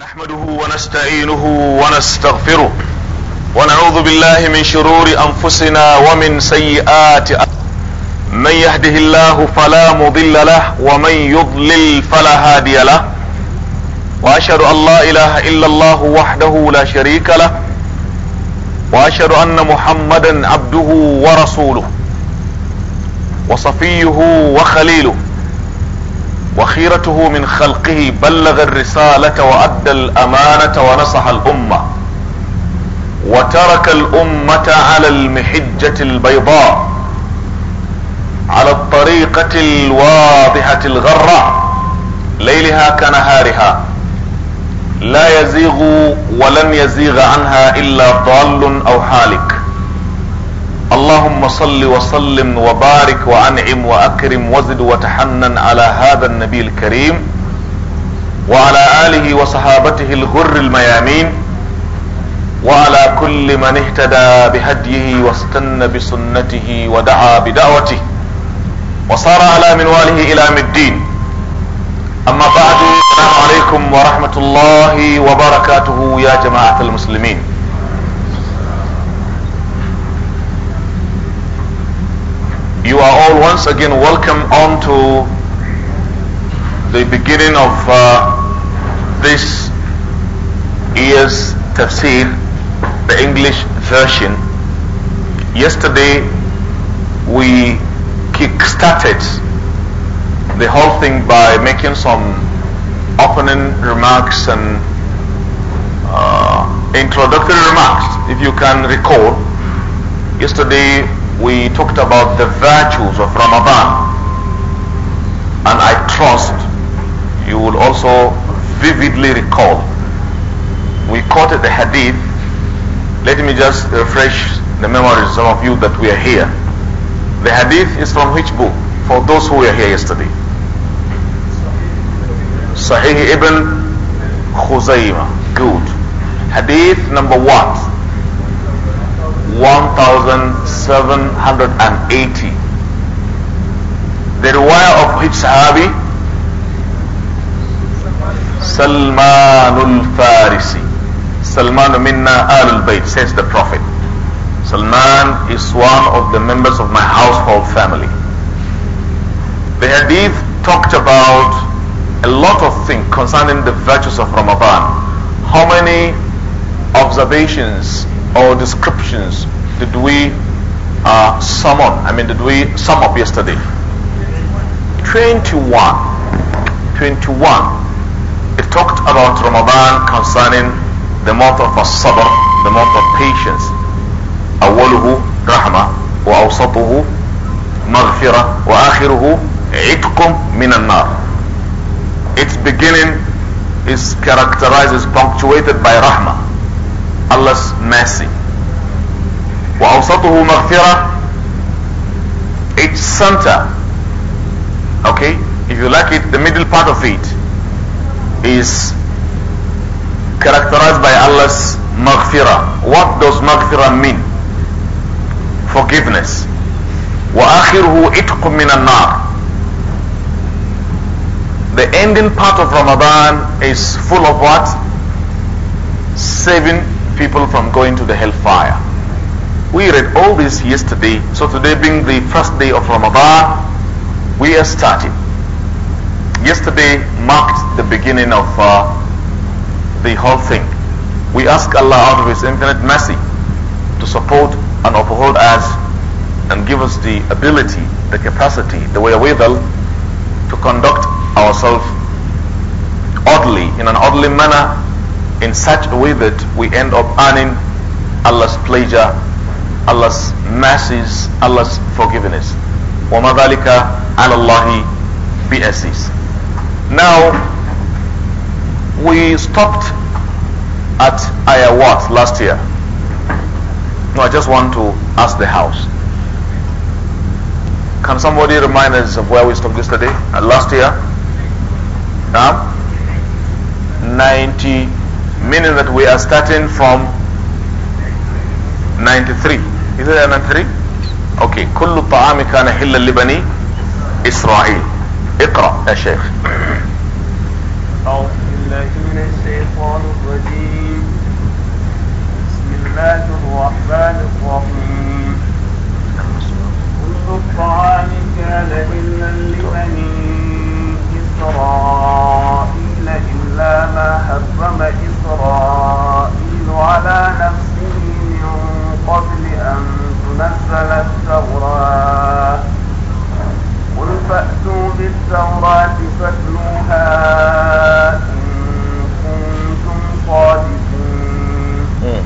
نحمده ونستعينه ونستغفره ونعوذ بالله من شرور انفسنا ومن سيئات من يهده الله فلا مضل له ومن يضلل فلا هادي له واشهد ان لا اله الا الله وحده لا شريك له واشهد ان محمدا عبده ورسوله وصفيه وخليله وخيرته من خلقه بلغ الرسالة وأدى الأمانة ونصح الأمة وترك الأمة على المحجة البيضاء على الطريقة الواضحة الغراء ليلها كنهارها لا يزيغ ولن يزيغ عنها إلا ضال أو حالك اللهم صل وسلم وبارك وانعم واكرم وزد وتحنن على هذا النبي الكريم وعلى اله وصحابته الغر الميامين وعلى كل من اهتدى بهديه واستنى بسنته ودعا بدعوته وصار على منواله الى مدين اما بعد السلام عليكم ورحمه الله وبركاته يا جماعه المسلمين You are all once again welcome on to the beginning of uh, this year's tafsir, the English version. Yesterday we kick-started the whole thing by making some opening remarks and uh, introductory remarks. If you can recall, yesterday we talked about the virtues of Ramadan. And I trust you will also vividly recall. We quoted the hadith. Let me just refresh the memories of some of you that we are here. The hadith is from which book? For those who were here yesterday. Sahih ibn Khuzaima. Good. Hadith number one. 1780. The riwayah of which Sahabi? Salmanul Farisi. Salman minna al bayt says the Prophet. Salman is one of the members of my household family. The hadith talked about a lot of things concerning the virtues of Ramadan. How many observations or descriptions did we uh, sum up? I mean, did we sum up yesterday? 21. 21. It talked about Ramadan concerning the month of sabr, the month of patience. أوله رحمة وأوسطه مغفرة وآخره عتق من النار. Its beginning is characterized, is punctuated by rahmah. Allah's mercy. وأوسطه مغفرة It's center. Okay? If you like it, the middle part of it is characterized by Allah's maghfirah. What does maghfirah mean? Forgiveness. وآخره إتق من النار The ending part of Ramadan is full of what? Saving people from going to the hellfire. We read all this yesterday, so today being the first day of Ramadan, we are starting. Yesterday marked the beginning of uh, the whole thing. We ask Allah out of His infinite mercy to support and uphold us and give us the ability, the capacity, the wherewithal to conduct ourselves orderly, in an orderly manner in such a way that we end up earning Allah's pleasure, Allah's mercies, Allah's forgiveness. Now, we stopped at ayah what last year? No, I just want to ask the house. Can somebody remind us of where we stopped yesterday? Uh, last year? Now, uh, 90 meaning that we are starting from 93 is it 93 okay كل الطعام كان حلا لبني إسرائيل اقرأ يا شيخ أعوذ بالله من الشيطان الرجيم بسم الله الرحمن الرحيم كل الطعام كان إلا لبني إسرائيل إلا ما حرم على نفسه من قبل أن تنزل التوراة قل فأتوا بالتوراة فاتلوها إن كنتم صادقين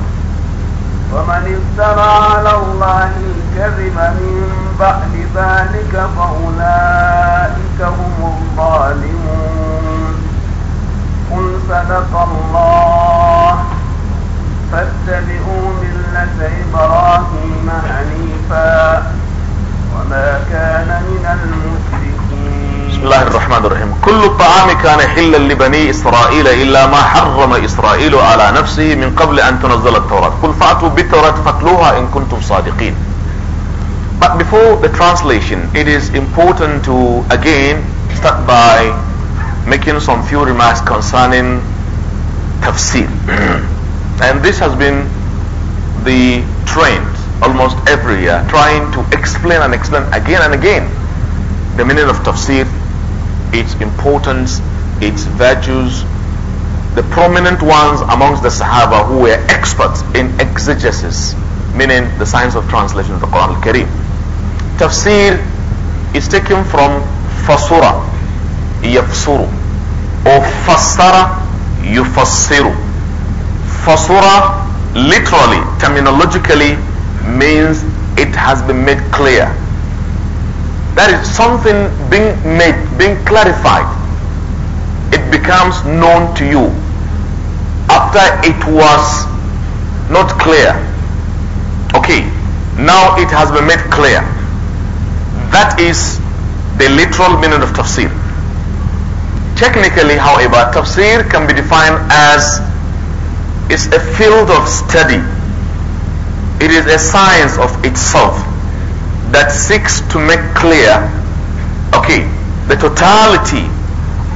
ومن افترى على الله الكذب من بعد ذلك فأولئك هم الظالمون قل صدق الله فاتبعوا ملة إبراهيم حنيفا وما كان من المشركين بسم الله الرحمن الرحيم كل الطعام كان حلا لبني إسرائيل إلا ما حرم إسرائيل على نفسه من قبل أن تنزل التوراة قل فأتوا بالتوراة فاتلوها إن كنتم صادقين But before the translation, it is important to again start by making some few remarks concerning tafsir. And this has been the trend almost every year, trying to explain and explain again and again the meaning of tafsir, its importance, its virtues, the prominent ones amongst the Sahaba who were experts in exegesis, meaning the science of translation of the Quran al-Karim. Tafsir is taken from fasura, yafsuru, or fassara, yufassiru. For surah, literally, terminologically, means it has been made clear. That is something being made, being clarified. It becomes known to you after it was not clear. Okay, now it has been made clear. That is the literal meaning of tafsir. Technically, however, tafsir can be defined as is a field of study. It is a science of itself that seeks to make clear, okay, the totality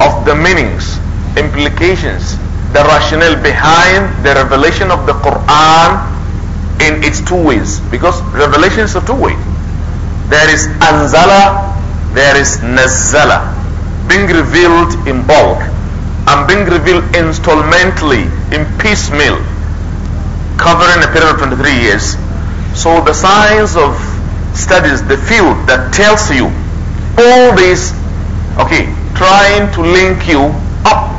of the meanings, implications, the rationale behind the revelation of the Quran in its two ways. Because revelation is a two way. There is anzala, there is nazala, being revealed in bulk and being revealed installmentally in piecemeal, covering a period of 23 years. So the science of studies, the field that tells you all this, okay, trying to link you up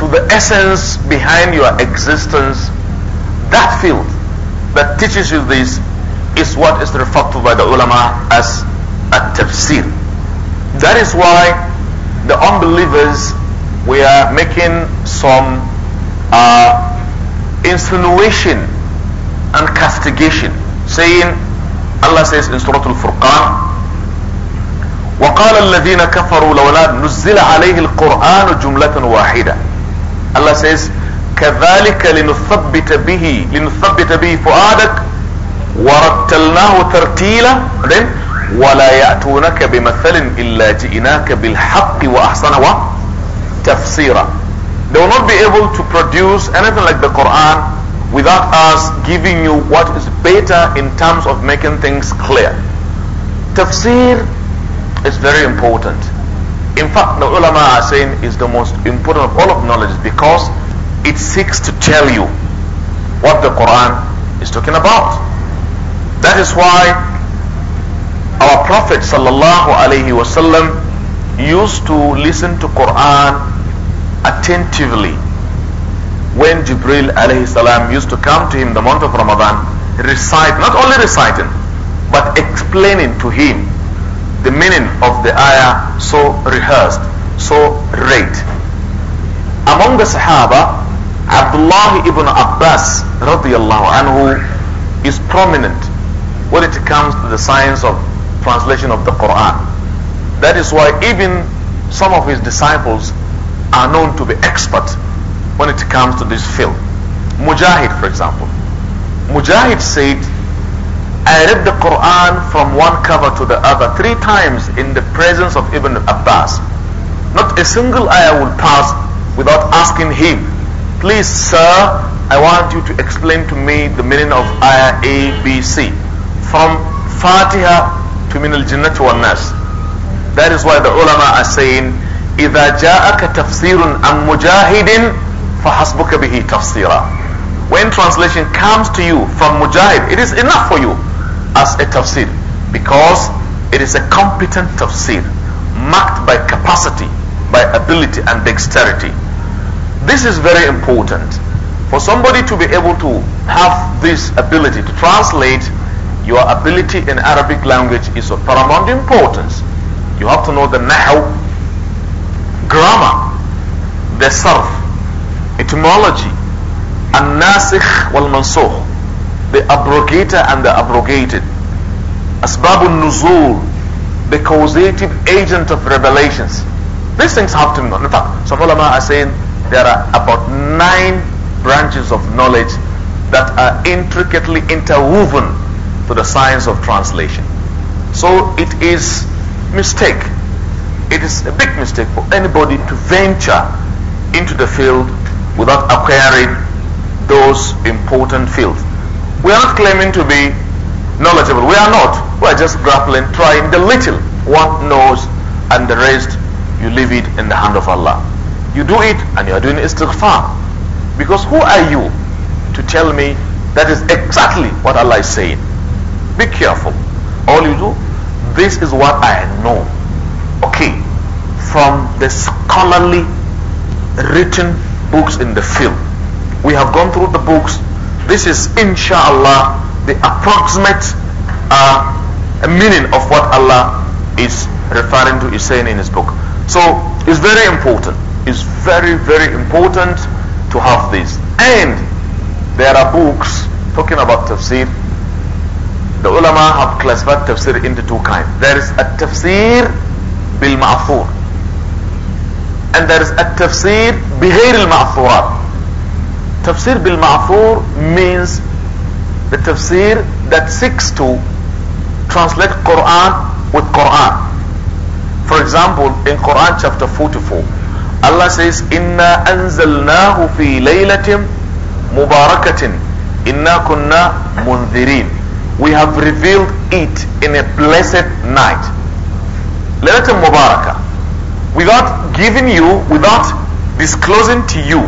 to the essence behind your existence, that field that teaches you this is what is referred to by the ulama as a tafsir. That is why the unbelievers we are making some uh, insinuation and castigation saying Allah says in Surah Al-Furqan وقال الذين كفروا لولا نزل عليه القرآن جملة واحدة Allah says كذلك لنثبت به لنثبت به فؤادك ورتلناه ترتيلا ولا يأتونك بمثل إلا جئناك بالحق وأحسن وأحسن tafsira. They will not be able to produce anything like the Quran without us giving you what is better in terms of making things clear. Tafsir is very important. In fact, the ulama are saying is the most important of all of knowledge because it seeks to tell you what the Quran is talking about. That is why our Prophet sallallahu alaihi wasallam used to listen to Quran attentively when Jibril alayhi salam used to come to him the month of Ramadan, recite, not only reciting, but explaining to him the meaning of the ayah so rehearsed, so read. Among the Sahaba, Abdullah ibn Abbas radiallahu anhu is prominent when it comes to the science of translation of the Quran. That is why even some of his disciples are known to be experts when it comes to this field. Mujahid, for example. Mujahid said, I read the Quran from one cover to the other three times in the presence of Ibn Abbas. Not a single ayah will pass without asking him, please sir, I want you to explain to me the meaning of ayah A, B, C. From Fatiha to Min al-Jannat wa-Nas. That is why the ulama are saying, إذا جاءك تفسير عن مجاهد فحسبك به تفسيرا. When translation comes to you from Mujahid, it is enough for you as a tafsir because it is a competent tafsir marked by capacity, by ability and dexterity. This is very important. For somebody to be able to have this ability to translate, your ability in Arabic language is of paramount importance. You have to know the Nahu, grammar, the Sarf, etymology, wal والمنسوخ the abrogator and the abrogated أسباب النزول the causative agent of revelations these things have to be known in fact some ulama are saying there are about nine branches of knowledge that are intricately interwoven to the science of translation so it is mistake. It is a big mistake for anybody to venture into the field without acquiring those important fields. We are not claiming to be knowledgeable. We are not. We are just grappling, trying the little one knows, and the rest you leave it in the hand of Allah. You do it, and you are doing istighfar. Because who are you to tell me that is exactly what Allah is saying? Be careful. All you do this is what I know. Okay, from the scholarly written books in the field. We have gone through the books. This is inshallah the approximate uh, meaning of what Allah is referring to, is saying in his book. So it's very important. It's very, very important to have this. And there are books talking about tafsir The ulama have classified tafsir into two kinds. There is a tafsir bil ma'thur and there is a tafsir al المعثورات. Tafsir bil ma'thur means the tafsir that seeks to translate Quran with Quran. For example, in Quran chapter 44, Allah says, "Inna anzalnahu fi laylatin mubarakatin inna kunna munzirin." we have revealed it in a blessed night. Laylatul Mubarakah. Without giving you, without disclosing to you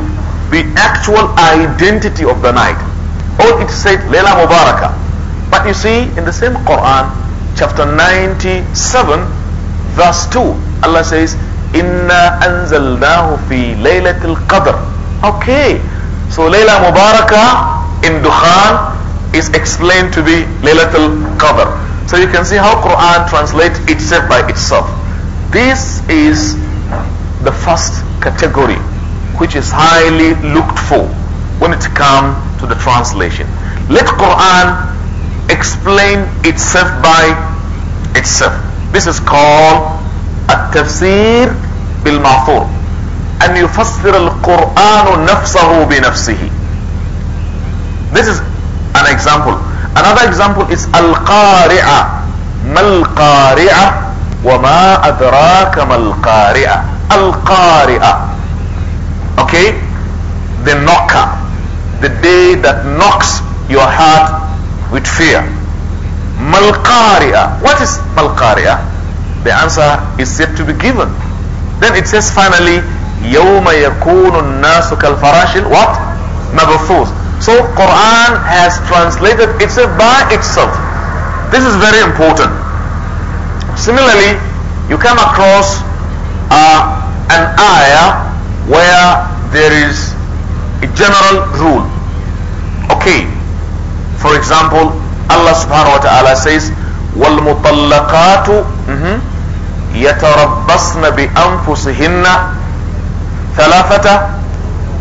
the actual identity of the night. All it said Layla Mubarakah. But you see, in the same Quran, chapter 97, verse 2, Allah says, Inna anzalnahu fi Laylatul Qadr. Okay. So Layla Mubarakah in Dukhan is explained to be Laylatul Qadr. So you can see how Quran translates itself by itself. This is the first category which is highly looked for when it comes to the translation. Let Quran explain itself by itself. This is called bil بالمعثور أن يفسر القرآن نفسه بنفسه This is an example. Another example is al-qari'a. Mal-qari'a wa ma adraka mal-qari'a. Al-qari'a. Okay? The knocker. The day that knocks your heart with fear. Mal-qari'a. What is is mal-qari'a? The answer is yet to be given. Then it says finally, يوم يكون الناس كالفراش what? مبثوث. So Quran has translated itself by itself. This is very important. Similarly, you come across uh, an ayah where there is a general rule. Okay. For example, Allah subhanahu wa ta'ala says, وَالْمُطَلَّقَاتُ يَتَرَبَّصْنَ بِأَنفُسِهِنَّ ثَلَاثَةَ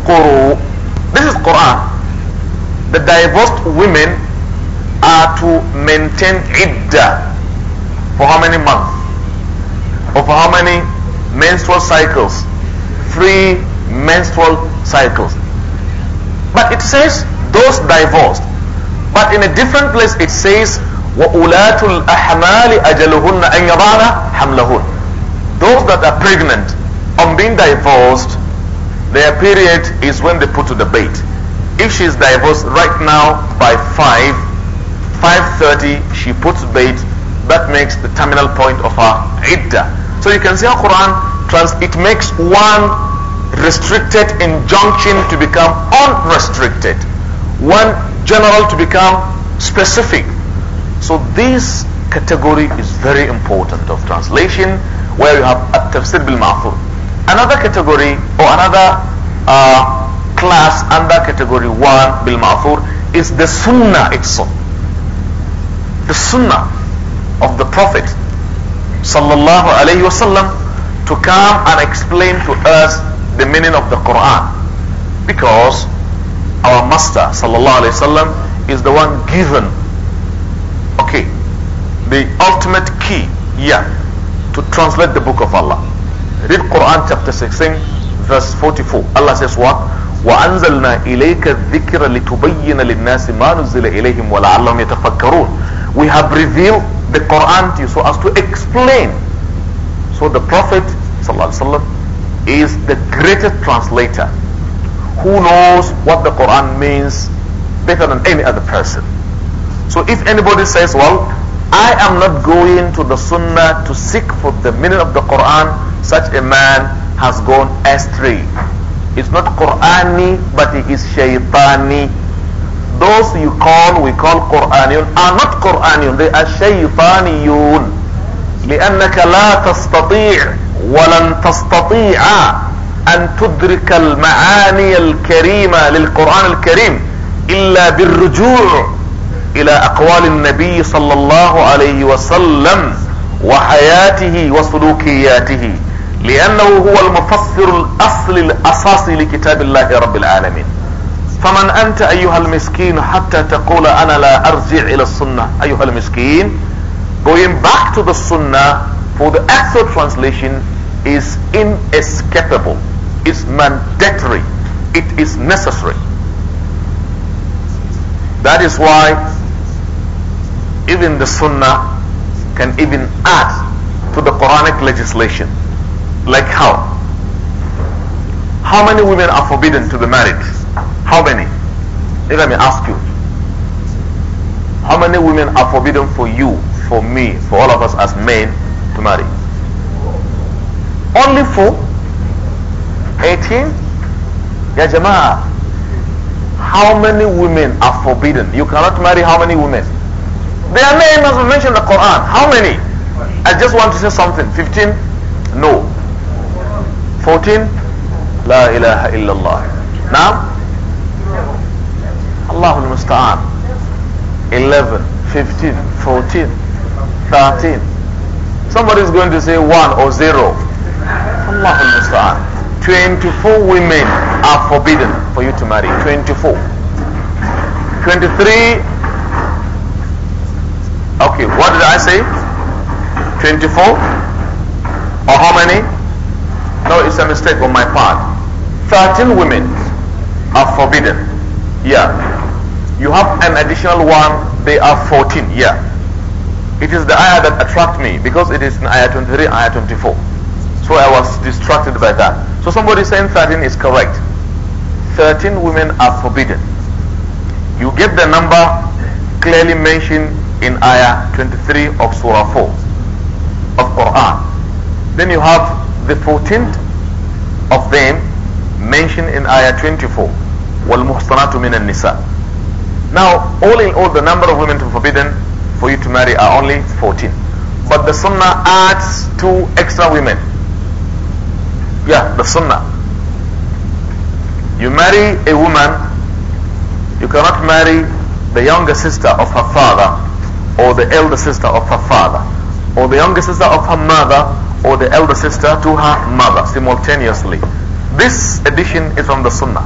قُرُوءٍ This is Quran the divorced women are to maintain iddah for how many months or for how many menstrual cycles three menstrual cycles but it says those divorced but in a different place it says Those that are pregnant on being divorced, their period is when they put to the bait. If she is divorced right now by 5, 5.30 she puts bait, that makes the terminal point of her iddah. So you can see how Quran, trans it makes one restricted injunction to become unrestricted. One general to become specific. So this category is very important of translation where you have at-tafsir bil mafoor Another category or another uh, class under category 1 bil ma'thur is the sunnah itself the sunnah of the prophet sallallahu alayhi wasallam to come and explain to us the meaning of the quran because our master sallallahu alayhi wasallam is the one given okay the ultimate key yeah to translate the book of allah read quran chapter 16 verse 44 allah says what وأنزلنا إليك الذكر لتبين للناس ما نزل إليهم ولعلهم يتفكرون we have revealed the Quran to you so as to explain so the Prophet وسلم, is the greatest translator who knows what the Quran means better than any other person so if anybody says well I am not going to the Sunnah to seek for the meaning of the Quran such a man has gone astray It's not Qur'ani, but it is Shaytani. Those you call, we call Qur'aniun, are not Qur'aniun, they are Shaytaniun. لأنك لا تستطيع ولن تستطيع أن تدرك المعاني الكريمة للقرآن الكريم إلا بالرجوع إلى أقوال النبي صلى الله عليه وسلم وحياته وسلوكياته لأنه هو المفسر الأصل الأساسي لكتاب الله رب العالمين فمن أنت أيها المسكين حتى تقول أنا لا أرجع إلى السنة أيها المسكين going back to the sunnah for the actual translation is inescapable is mandatory it is necessary that is why even the sunnah can even add to the Quranic legislation Like how? How many women are forbidden to be married? How many? Let me ask you. How many women are forbidden for you, for me, for all of us as men to marry? Only four? 18? Ya Jama'ah. How many women are forbidden? You cannot marry how many women? Their names as we mentioned in the Quran. How many? I just want to say something. 15? No. 14 La ilaha illallah now Allahul Musta'an 11 15 14 13 is going to say 1 or 0 Allahul Musta'an 24 women are forbidden for you to marry 24 23 okay what did I say 24 or how many no, it's a mistake on my part. 13 women are forbidden. Yeah. You have an additional one, they are 14. Yeah. It is the ayah that attracted me because it is in ayah 23, ayah 24. So I was distracted by that. So somebody saying 13 is correct. 13 women are forbidden. You get the number clearly mentioned in ayah 23 of surah 4 of Quran. Then you have the 14th of them mentioned in ayah 24 wal والمحصنات من nisa. now all in all the number of women forbidden for you to marry are only 14 but the sunnah adds two extra women yeah the sunnah you marry a woman you cannot marry the younger sister of her father or the elder sister of her father or the younger sister of her mother or the elder sister to her mother simultaneously. This addition is from the Sunnah.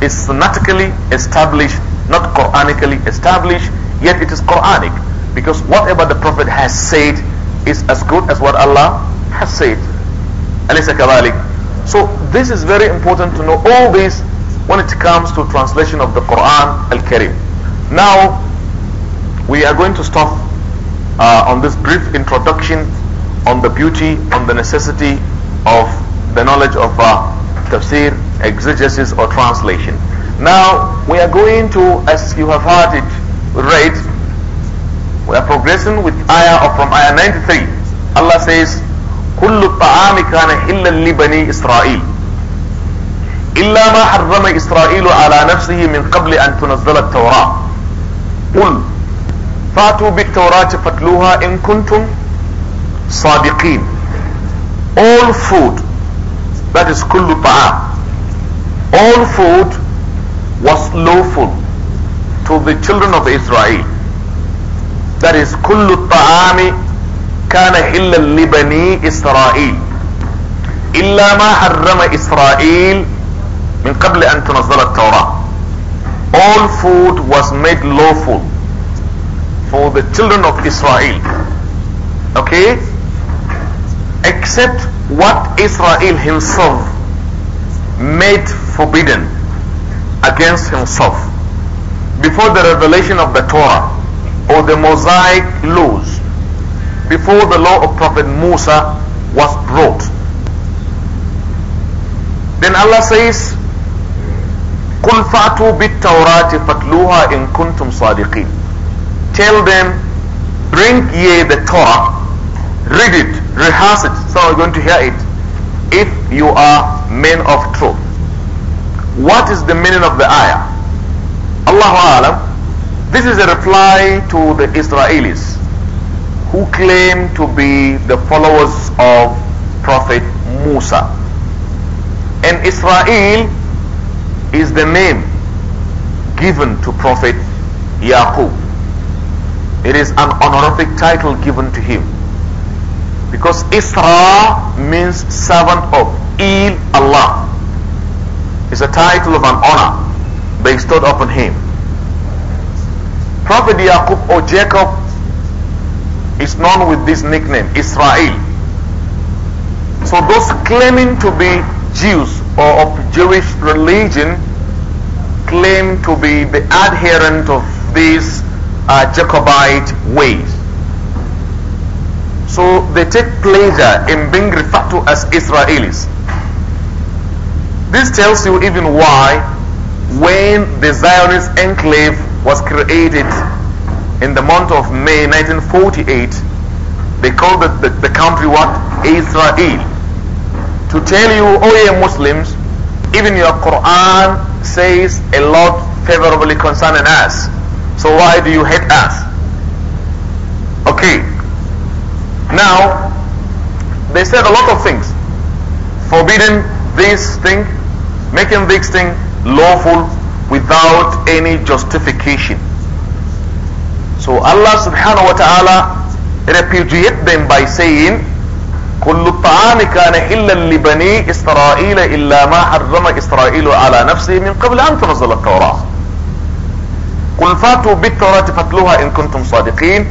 It's sunnatically established, not Quranically established, yet it is Quranic. Because whatever the Prophet has said is as good as what Allah has said. So this is very important to know all this when it comes to translation of the Quran Al-Karim. Now, we are going to stop uh, on this brief introduction on the beauty, on the necessity of the knowledge of uh, tafsir, exegesis or translation. Now we are going to, as you have heard it read, we are progressing with ayah or from ayah 93. Allah says, كل الطعام كان حلا لبني إسرائيل إلا ما حرم إسرائيل على نفسه من قبل أن تنزل التوراة قل فاتوا بالتوراة فاتلوها إن كنتم Sadiqin. all food that is kullu طعام all food was lawful to the children of Israel that is kullu الطعام كان حلا libani Israel. إلا ما حرم إسرائيل من قبل أن تنزل التوراة all food was made lawful for the children of Israel okay except what Israel himself made forbidden against himself before the revelation of the Torah or the Mosaic laws before the law of Prophet Musa was brought. Then Allah says, قُلْ فَأْتُوا بِالتَّوْرَاتِ fatluha in kuntum sadiqin." Tell them, bring ye the Torah read it, rehearse it, so you're going to hear it. If you are men of truth. What is the meaning of the ayah? Allahu Alam, this is a reply to the Israelis who claim to be the followers of Prophet Musa. And Israel is the name given to Prophet Yaqub. It is an honorific title given to him. Because Isra means servant of Il Allah. It's a title of an honor bestowed upon him. Prophet Yaqub or Jacob is known with this nickname, Israel. So those claiming to be Jews or of Jewish religion claim to be the adherent of these uh, Jacobite ways. So they take pleasure in being referred to as Israelis. This tells you even why when the Zionist enclave was created in the month of May 1948, they called the, the, the country what? Israel. To tell you, oh yeah, Muslims, even your Quran says a lot favorably concerning us. So why do you hate us? Okay, Now, they said a lot of things. Forbidding this thing, making this thing lawful without any justification. So Allah subhanahu wa ta'ala repudiated them by saying, كل الطعام كان حلا لبني إسرائيل إلا ما حرم إسرائيل على نفسه من قبل أن تنزل التوراة قل فاتوا بالتوراة فاتلوها إن كنتم صادقين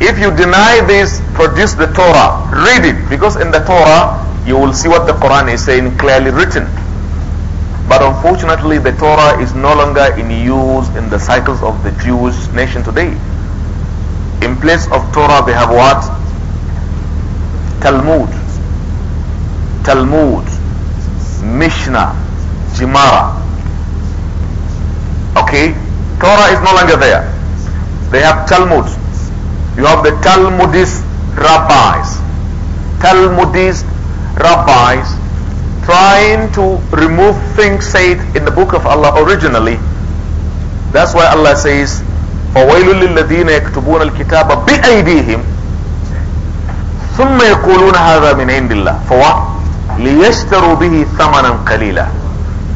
If you deny this, produce the Torah. Read it. Because in the Torah, you will see what the Quran is saying clearly written. But unfortunately, the Torah is no longer in use in the cycles of the Jewish nation today. In place of Torah, they have what? Talmud. Talmud. Mishnah. Gemara. Okay? Torah is no longer there. They have Talmuds. You have the Talmudist rabbis. Talmudist rabbis trying to remove things said in the book of Allah originally. That's why Allah says, فَوَيْلٌ لِلَّذِينَ يَكْتُبُونَ الْكِتَابَ بِأَيْدِيهِمْ ثُمَّ يَقُولُونَ هَذَا مِنْ عِنْدِ اللَّهِ فَوَا لِيَشْتَرُوا بِهِ ثَمَنًا قَلِيلًا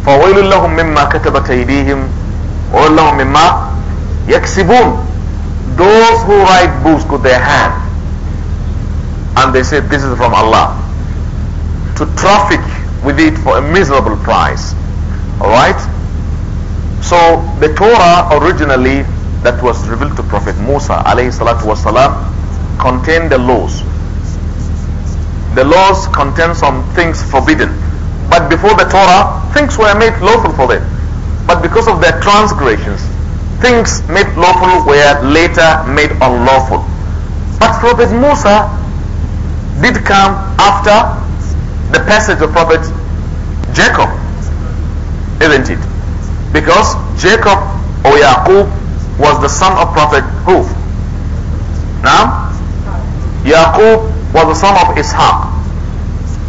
فَوَيْلٌ لَهُمْ مِمَّا كَتَبَتْ أَيْدِيهِمْ وَوَيْلٌ لَهُمْ مِمَّا يَكْسِبُونَ those who write books with their hand and they say this is from Allah to traffic with it for a miserable price alright so the Torah originally that was revealed to Prophet Musa alayhi salatu wasalam contained the laws the laws contain some things forbidden but before the Torah things were made lawful for them but because of their transgressions things made lawful were later made unlawful. But Prophet Musa did come after the passage of Prophet Jacob, isn't it? Because Jacob or Yaqub was the son of Prophet who? Now, Yaqub was the son of Ishaq.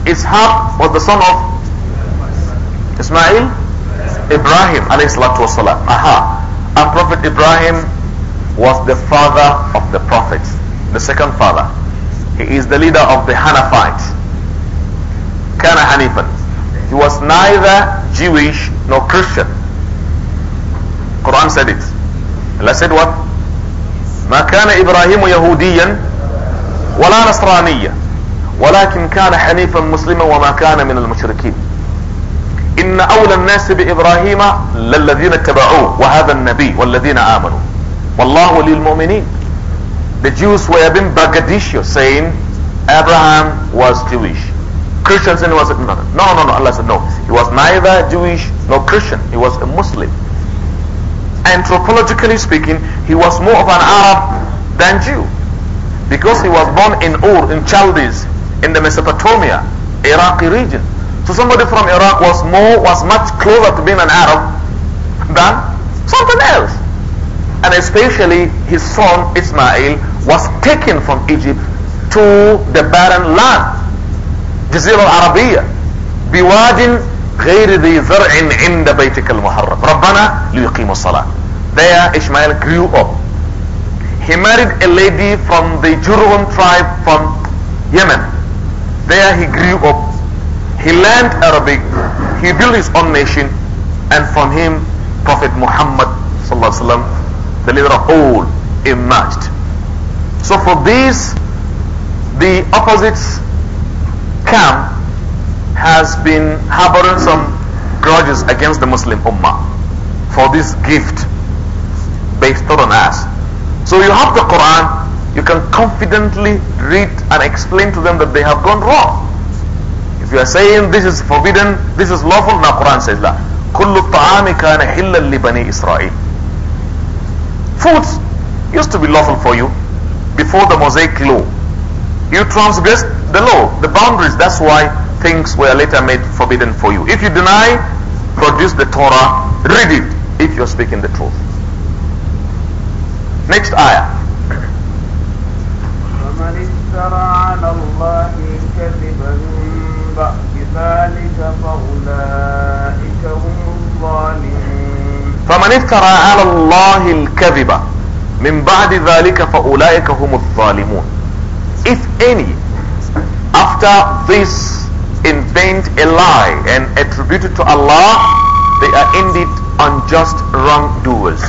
Ishaq was the son of Ismail, Ibrahim alayhi salatu wasalam. Aha. Our Prophet Ibrahim was the father of the prophets, the second father. He is the leader of the Hanafites. Kana Hanifan. He was neither Jewish nor Christian. Quran said it. Allah said what? ما كان إبراهيم يهوديا ولا نصرانيا ولكن كان حنيفا مسلما وما كان من المشركين إن أولى الناس بإبراهيم للذين اتبعوه وهذا النبي والذين آمنوا والله للمؤمنين The Jews were being braggadocious saying Abraham was Jewish. Christians and he was no, no, no, no. Allah said no. He was neither Jewish nor Christian. He was a Muslim. Anthropologically speaking, he was more of an Arab than Jew because he was born in Ur in Chaldees in the Mesopotamia, Iraqi region to somebody from Iraq was more, was much closer to being an Arab than something else. And especially his son Ismail was taken from Egypt to the barren land, Jazira al-Arabiyya, بواد in ذي زرع عند بيتك المحرم There Ishmael grew up. He married a lady from the Jurhum tribe from Yemen. There he grew up he learned Arabic. He built his own nation. And from him, Prophet Muhammad the leader of all, emerged. So for this, the opposite camp has been harboring some grudges against the Muslim Ummah for this gift bestowed on us. So you have the Quran, you can confidently read and explain to them that they have gone wrong. If you are saying this is forbidden, this is lawful, now Quran says that. كل الطعام كان حلا لبني إسرائيل. Foods used to be lawful for you before the Mosaic law. You transgressed the law, the boundaries. That's why things were later made forbidden for you. If you deny, produce the Torah, read it if you're speaking the truth. Next ayah. ذلك فأولئك هم الظالمون فمن افترى على الله الكذب من بعد ذلك فأولئك هم الظالمون If any after this invent a lie and attribute it to Allah they are indeed unjust wrongdoers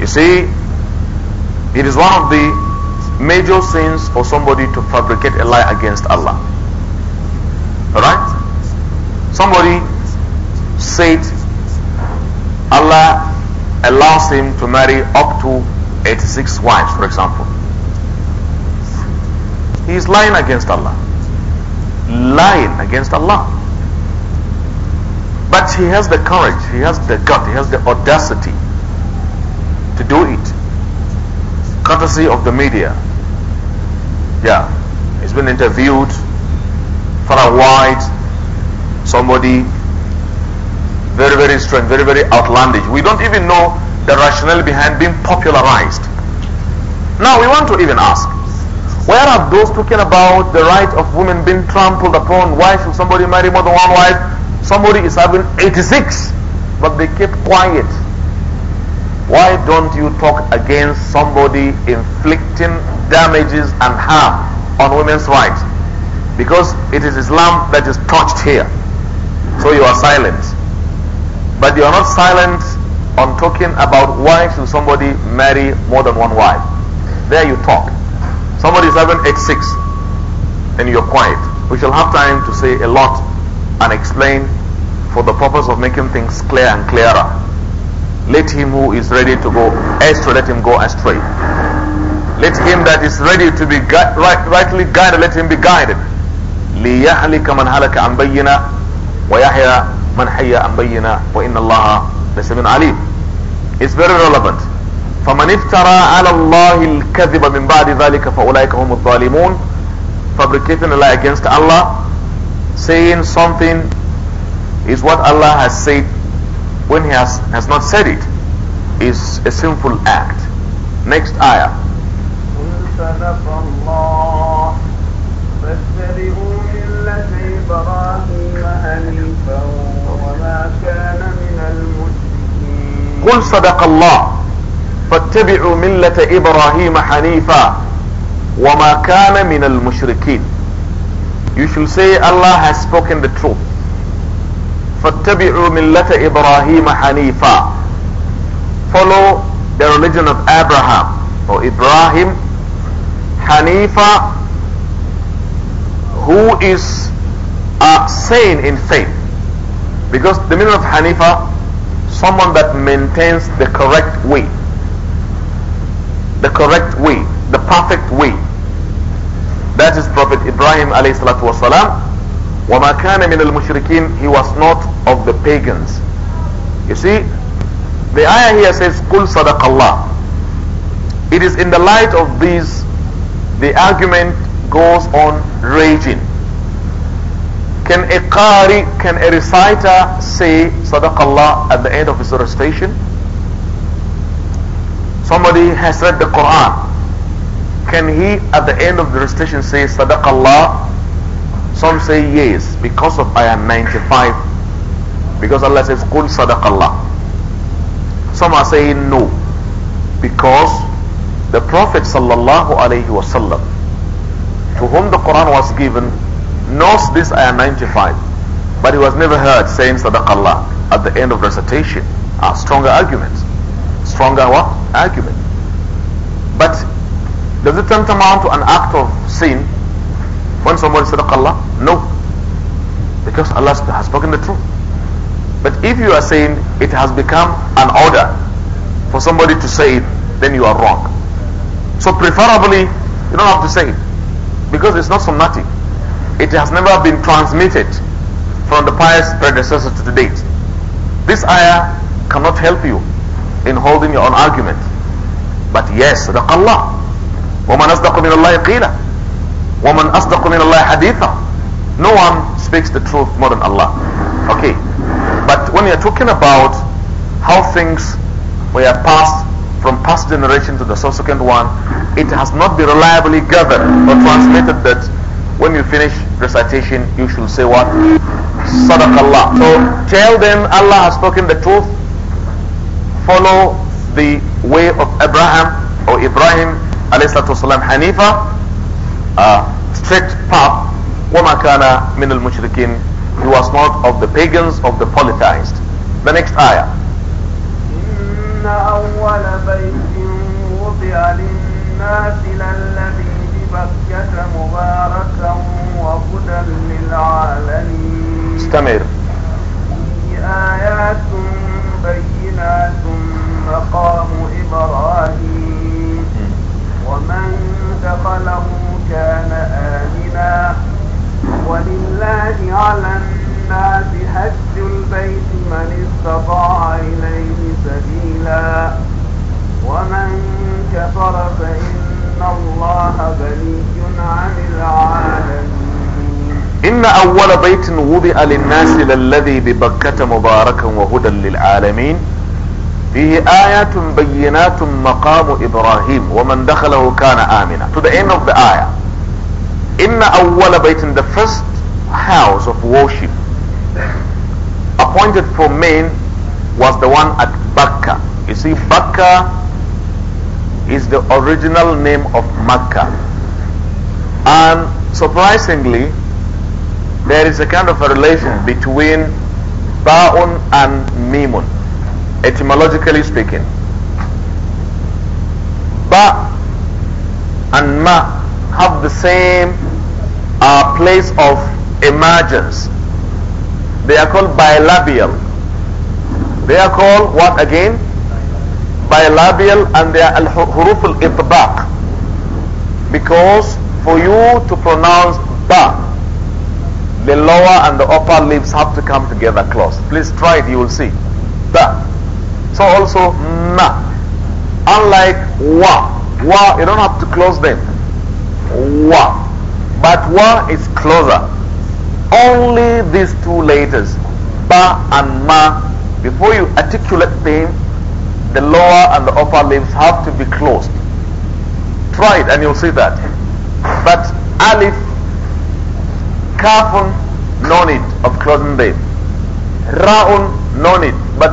you see it is one of the major sins for somebody to fabricate a lie against Allah Alright? Somebody said Allah allows him to marry up to 86 wives, for example. He is lying against Allah. Lying against Allah. But he has the courage, he has the gut, he has the audacity to do it. Courtesy of the media. Yeah. He's been interviewed far and somebody very, very strange, very, very outlandish. We don't even know the rationale behind being popularized. Now we want to even ask, where are those talking about the right of women being trampled upon? Why should somebody marry more than one wife? Somebody is having 86, but they keep quiet. Why don't you talk against somebody inflicting damages and harm on women's rights? because it is Islam that is touched here. So you are silent. But you are not silent on talking about why should somebody marry more than one wife. There you talk. Somebody is having eight 6 and you're quiet. We shall have time to say a lot and explain for the purpose of making things clear and clearer. Let him who is ready to go astray, let him go astray. Let him that is ready to be right, rightly guided, let him be guided. ليهلك من هلك عن بينه ويحيى من حي عن بينه وان الله لسميع عليم It's very relevant فمن افترى على الله الكذب من بعد ذلك فأولئك هم الظالمون fabricating a lie against Allah saying something is what Allah has said when he has, has not said it is a sinful act next ayah إبراهيم أنيفا وما كان من المشركين قل صدق الله فاتبعوا ملة إبراهيم حنيفا وما كان من المشركين You should say Allah has spoken the truth فاتبعوا ملة إبراهيم حنيفا Follow the religion of Abraham or Ibrahim Hanifa who is are sane in faith. Because the meaning of Hanifa, someone that maintains the correct way. The correct way, the perfect way. That is Prophet Ibrahim alayhi salatu wasalam. وَمَا كَانَ مِنَ الْمُشْرِكِينَ He was not of the pagans. You see, the ayah here says, قُلْ صَدَقَ اللَّهِ It is in the light of these, the argument goes on raging. Can a qari, can a reciter say sadaqallah at the end of his recitation? Somebody has read the Quran. Can he at the end of the recitation say sadaqallah? Some say yes because of ayah 95. Because Allah says qul sadaqallah. Some are saying no because the Prophet sallallahu alaihi wasallam to whom the Quran was given knows this ayah 95, but he was never heard saying Sadaqallah at the end of recitation. A ah, stronger argument. Stronger what? Argument. But does it tantamount to an act of sin when somebody said Allah? No. Because Allah has spoken the truth. But if you are saying it has become an order for somebody to say it, then you are wrong. So preferably, you don't have to say it. Because it's not somatic it has never been transmitted from the pious predecessor to the date. This ayah cannot help you in holding your own argument. But yes, صدق الله ومن أصدق من الله قيلا ومن أصدق من الله حديثا No one speaks the truth more than Allah. Okay. But when you're talking about how things were passed from past generation to the subsequent one, it has not been reliably gathered or transmitted that when you finish recitation, you should say what? Sadaqallah. So tell them Allah has spoken the truth. Follow the way of Abraham or Ibrahim والسلام, Hanifa, uh, straight path. وَمَا كَانَ مِنَ الْمُشْرِكِينَ He was not of the pagans, of the polytheists. The next ayah. إِنَّ أَوَّلَ بَيْتٍ وُضِعَ لِلنَّاسِ لَلَّذِي مكة مباركا وهدى للعالمين استمر آيات بينات مقام إبراهيم ومن دخله كان آمنا ولله على الناس حج البيت من استطاع إليه سبيلا ومن كفر فإن إن الله غني عن العالمين إن أول بيت وضع للناس للذي ببكة مباركا وهدى للعالمين فيه آيات بينات مقام إبراهيم ومن دخله كان آمنا to the end of the ayah إن أول بيت the first house of worship appointed for men was the one at Bakka you see Bakka is the original name of Mecca. And surprisingly, there is a kind of a relation between Ba'un and Mimun, etymologically speaking. Ba and Ma have the same uh, place of emergence. They are called bilabial. They are called what again? bilabial and they are al-huruf al-itbaq because for you to pronounce ba the lower and the upper lips have to come together close please try it you will see ba so also na unlike wa wa you don't have to close them wa but wa is closer only these two letters ba and ma before you articulate them the lower and the upper limbs have to be closed. Try it and you'll see that. But alif, kafun, no need of closing them. Ra'un, no need, but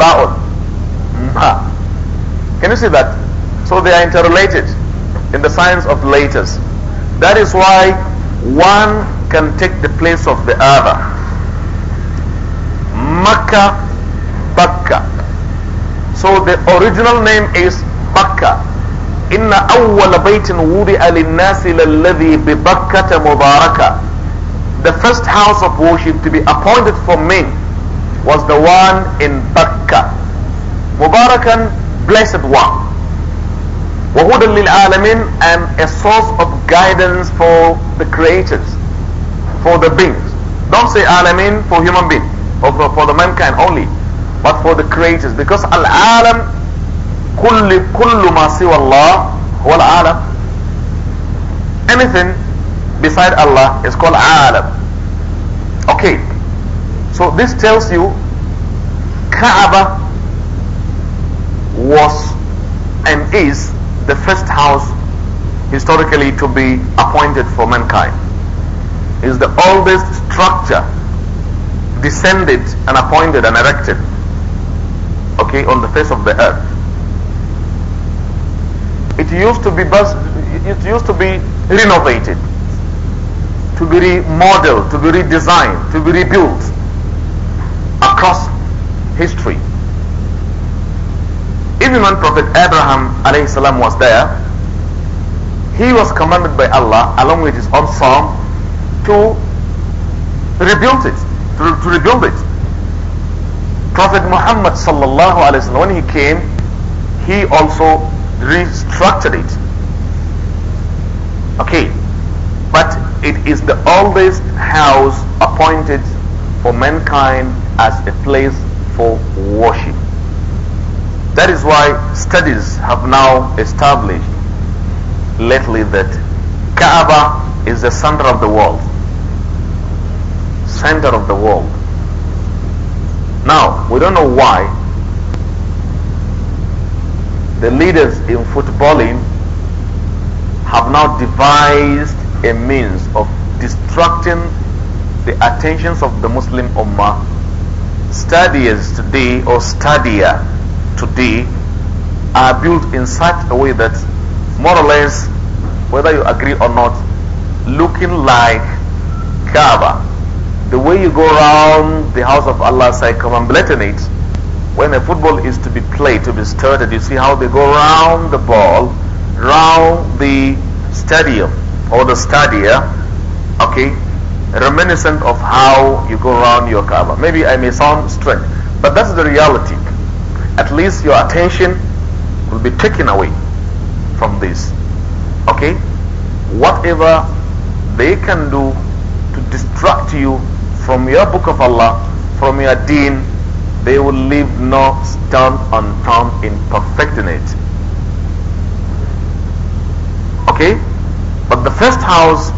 ba'un, ma. Can you see that? So they are interrelated in the science of letters. That is why one can take the place of the other. Makkah, Bakkah. So the original name is Bakka. إن أول بيت وضع للناس للذي ببكة مباركة The first house of worship to be appointed for men was the one in Bakka. Mubarakan, blessed one. وهدى للعالمين and a source of guidance for the creators, for the beings. Don't say alamin for human beings, or for the mankind only but for the creators because al-alam kulli kullu ma siwa Allah huwa al-alam anything beside Allah is called alam okay so this tells you Kaaba was and is the first house historically to be appointed for mankind is the oldest structure descended and appointed and erected okay, on the face of the earth. It used to be bus it used to be renovated, to be remodeled, to be redesigned, to be rebuilt across history. Even when Prophet Abraham salam was there, he was commanded by Allah along with his own son to rebuild it, to, to rebuild it. Prophet Muhammad sallallahu alaihi wasallam, when he came, he also restructured it. Okay, but it is the oldest house appointed for mankind as a place for worship. That is why studies have now established lately that Kaaba is the center of the world. Center of the world now, we don't know why the leaders in footballing have now devised a means of distracting the attentions of the Muslim Ummah. Studiers today or stadia today are built in such a way that more or less, whether you agree or not, looking like Kaaba the way you go around the house of Allah say, circumambulating it, when a football is to be played, to be started, you see how they go round the ball, round the stadium or the stadia, okay, reminiscent of how you go around your Kaaba. Maybe I may sound strange, but that's the reality. At least your attention will be taken away from this. Okay? Whatever they can do to distract you from your book of Allah, from your deen, they will leave no stone unturned in perfecting it. Okay? But the first house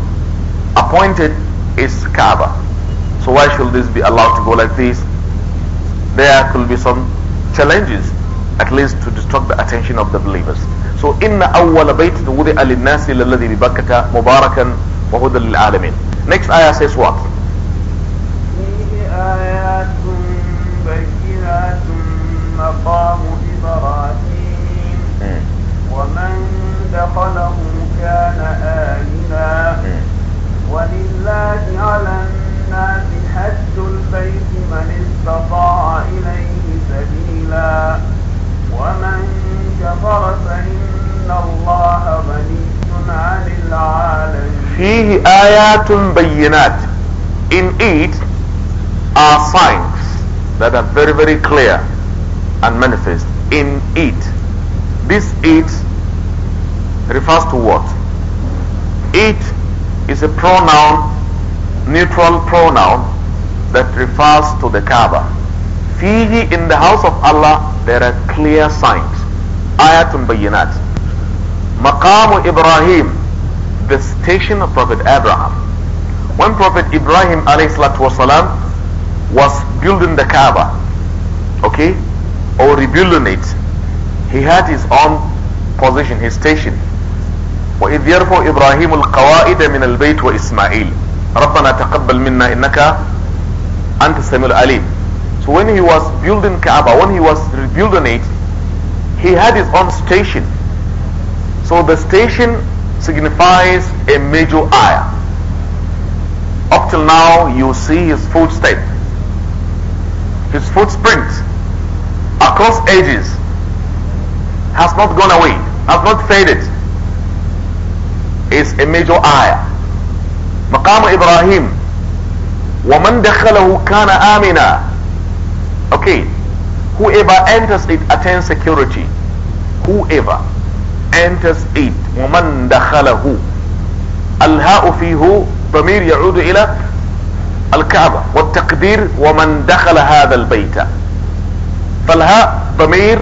appointed is Kaaba. So why should this be allowed to go like this? There could be some challenges, at least to distract the attention of the believers. So إن أول بيت وضع للناس الذي ببكة مباركا وهدى للعالمين. Next ayah says what? آيات بينات مقام إبراهيم ومن دخله كان آمنا ولله على الناس حج البيت من استطاع إليه سبيلا ومن كفر فإن الله غني عن العالمين فيه آيات بينات In it are signs that are very, very clear and manifest in it. This it refers to what? It is a pronoun, neutral pronoun that refers to the Kaaba. Fiji in the house of Allah there are clear signs. Ayatun bayinat. Maqamu Ibrahim, the station of Prophet Abraham. When Prophet Ibrahim alayhi salatu wasalam was building the Kaaba, okay, or rebuilding it, he had his own position, his station. وإذ يرفع إبراهيم القواعد من البيت وإسماعيل ربنا تقبل منا إنك أنت السميع العليم So when he was building Kaaba, when he was rebuilding it, he had his own station. So the station signifies a major ayah. Up till now, you see his footsteps his footprint across ages has not gone away, has not faded, is a major ayah. Maqam Ibrahim, waman دَخَلَهُ kana amina Okay, whoever enters it attains security. Whoever enters it, وَمَنْ دَخَلَهُ الهاء فيه ضمير يعود إلى الكعبة والتقدير ومن دخل هذا البيت فالهاء ضمير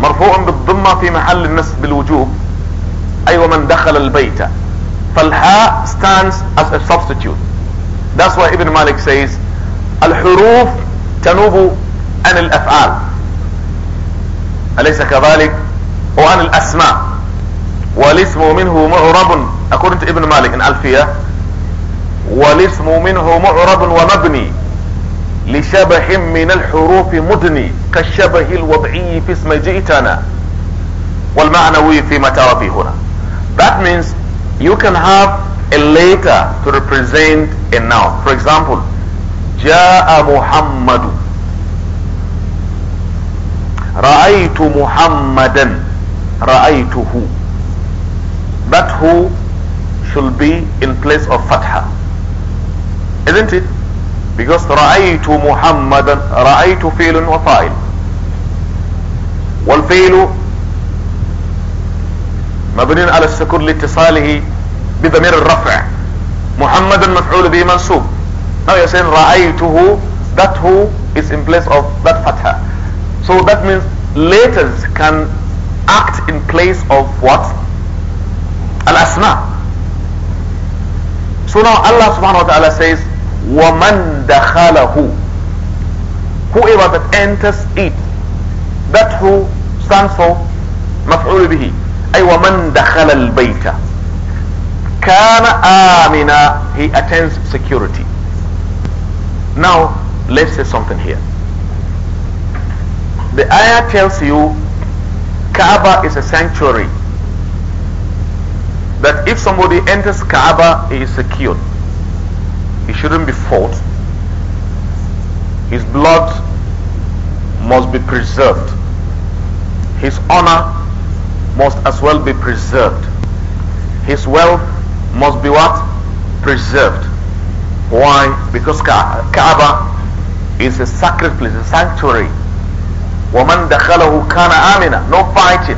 مرفوع بالضمة في محل النصب بالوجوب أي ومن دخل البيت فالهاء stands as a substitute that's why Ibn Malik says الحروف تنوب عن الأفعال أليس كذلك وعن الأسماء والاسم منه معرب according to Ibn Malik in Alfiya والاسم منه معرب ومبني لشبه من الحروف مدني كالشبه الوضعي في اسم جئتنا والمعنوي في متى وفي هنا that means you can have a letter to represent a noun for example جاء محمد رأيت محمدا رأيته that who should be in place of fatha Isn't it? Because رأيت محمدا رأيت فعل وَفَائِلَ. والفيل مبني على السكون لاتصاله بضمير الرفع محمد المفعول به منصوب Now you're saying رأيته that who is in place of that fatha so that means letters can act in place of what الأسماء. so now Allah subhanahu wa ta'ala says وَمَنْ دَخَلَهُ Whoever that enters it, that who stands for مفعول به أي ومن دخل البيت كان آمنا he attains security now let's say something here the ayah tells you Kaaba is a sanctuary that if somebody enters Kaaba he is secured he shouldn't be fought. His blood must be preserved. His honor must as well be preserved. His wealth must be what? Preserved. Why? Because Kaaba is a sacred place, a sanctuary. وَمَنْ دَخَلَهُ كَانَ No fighting.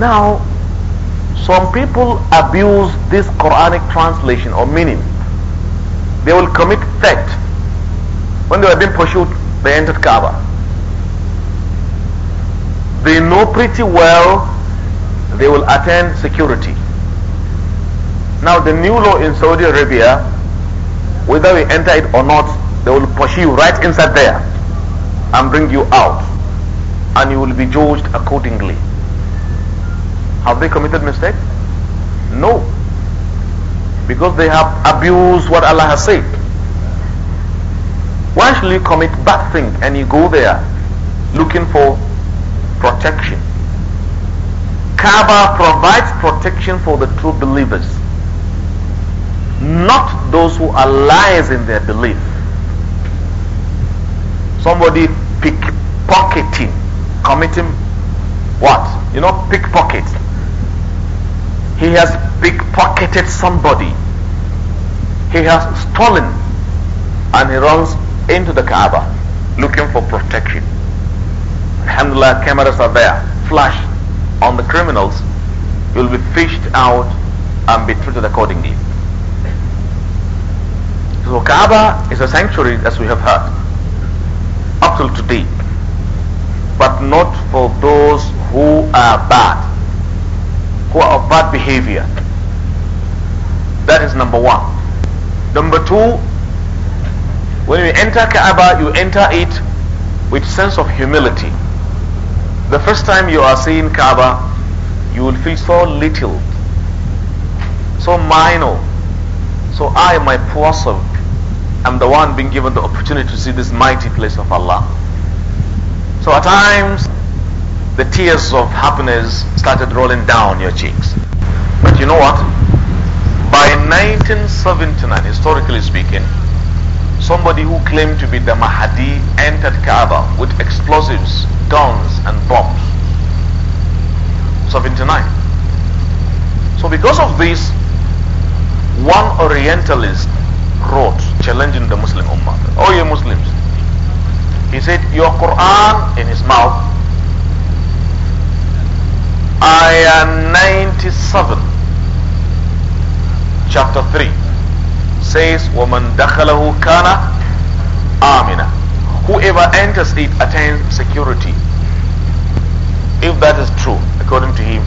Now, some people abuse this Quranic translation or meaning. They will commit theft. When they were being pursued, they entered Kaaba. They know pretty well they will attend security. Now the new law in Saudi Arabia, whether we enter it or not, they will pursue you right inside there and bring you out and you will be judged accordingly. Have they committed mistake? No. Because they have abused what Allah has said. Why should you commit bad thing and you go there looking for protection? Kaaba provides protection for the true believers, not those who are liars in their belief. Somebody pickpocketing, committing what? You know, pickpocket he has pickpocketed somebody. He has stolen and he runs into the Kaaba looking for protection. Alhamdulillah, cameras are there, flash on the criminals. You'll be fished out and be treated accordingly. So Kaaba is a sanctuary as we have heard up till today, but not for those who are bad who are of bad behavior. That is number one. Number two, when you enter Kaaba, you enter it with sense of humility. The first time you are seeing Kaaba, you will feel so little, so minor. So I, my poor soul, am the one being given the opportunity to see this mighty place of Allah. So at times the tears of happiness started rolling down your cheeks. But you know what? By 1979, historically speaking, somebody who claimed to be the Mahdi entered Kaaba with explosives, guns, and bombs. 79. So because of this, one Orientalist wrote challenging the Muslim Ummah. Oh, you Muslims. He said, your Quran in his mouth Ayah 97 chapter 3 says وَمَنْ دَخَلَهُ كَانَ آمِنًا Whoever enters it attains security. If that is true, according to him,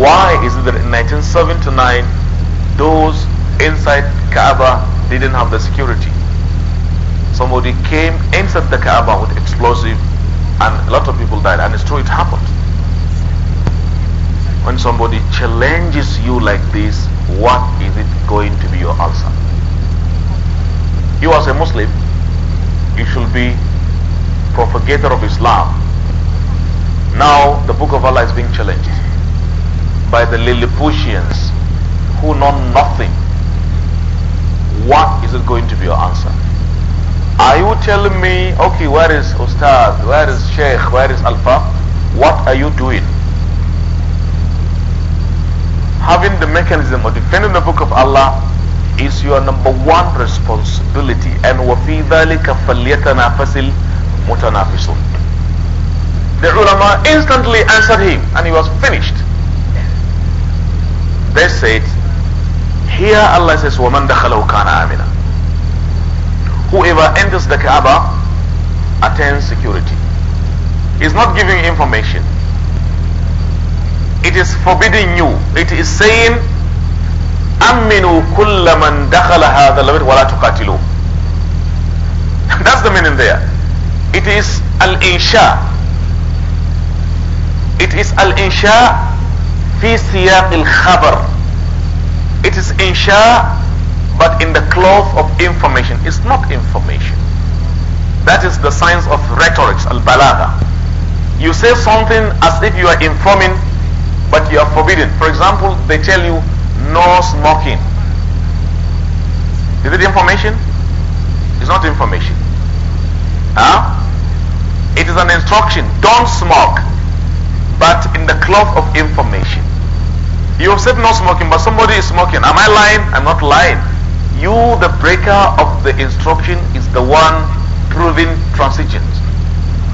why is it that in 1979 those inside Kaaba didn't have the security? Somebody came inside the Kaaba with explosive and a lot of people died and it's true it happened when somebody challenges you like this, what is it going to be your answer? You as a Muslim, you should be propagator of Islam. Now the book of Allah is being challenged by the Lilliputians who know nothing. What is it going to be your answer? Are you telling me, okay, where is Ustad, where is Sheikh, where is Alpha? What are you doing? having the mechanism of defending the book of Allah is your number one responsibility. And وَفِي ذَلِكَ فَلْيَتَنَافَسِ الْمُتَنَافِسُونَ The ulama instantly answered him and he was finished. They said, here Allah says, وَمَنْ دَخَلَهُ كَانَ آمِنًا Whoever enters the Kaaba attains security. He's not giving information it is forbidding you. It is saying, "Amminu كُلَّ مَنْ دَخَلَ هَذَا الْبَيْتِ That's the meaning there. It is al-insha. It is al-insha في al-khabar. It It is insha but in the cloth of information. It's not information. That is the science of rhetorics, al-balagha. You say something as if you are informing but you are forbidden. For example, they tell you no smoking. Is it information? It's not information. Huh? It is an instruction. Don't smoke, but in the cloth of information. You have said no smoking, but somebody is smoking. Am I lying? I'm not lying. You, the breaker of the instruction, is the one proving transigent,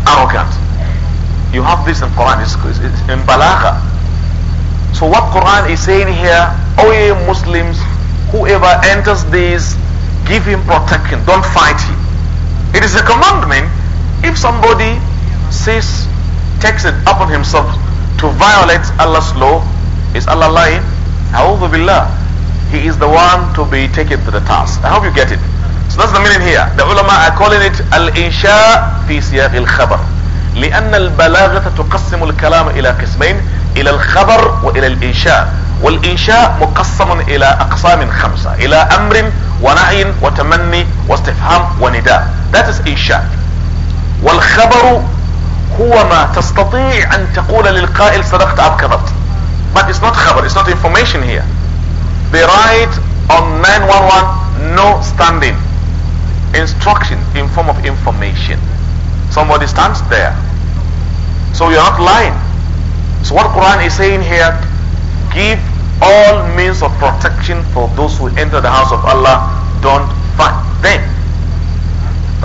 arrogant. You have this in Quran, it's, it's in Balagha. So what Quran is saying here, O ye Muslims, whoever enters this, give him protection, don't fight him. It is a commandment. If somebody says, takes it upon himself to violate Allah's law, is Allah lying? A'udhu billah. He is the one to be taken to the task. I hope you get it. So that's the meaning here. The ulama are calling it al-insha fi siyaq al-khabar. لأن البلاغة تقسم الكلام إلى قسمين الى الخبر والى الانشاء والانشاء مقسم الى اقسام خمسة الى امر ونعي وتمني واستفهام ونداء that is انشاء والخبر هو ما تستطيع ان تقول للقائل صدقت او كذبت but it's not خبر it's not information here they write on 911 no standing instruction in form of information somebody stands there so you're not lying So what Quran is saying here, give all means of protection for those who enter the house of Allah. Don't fight them.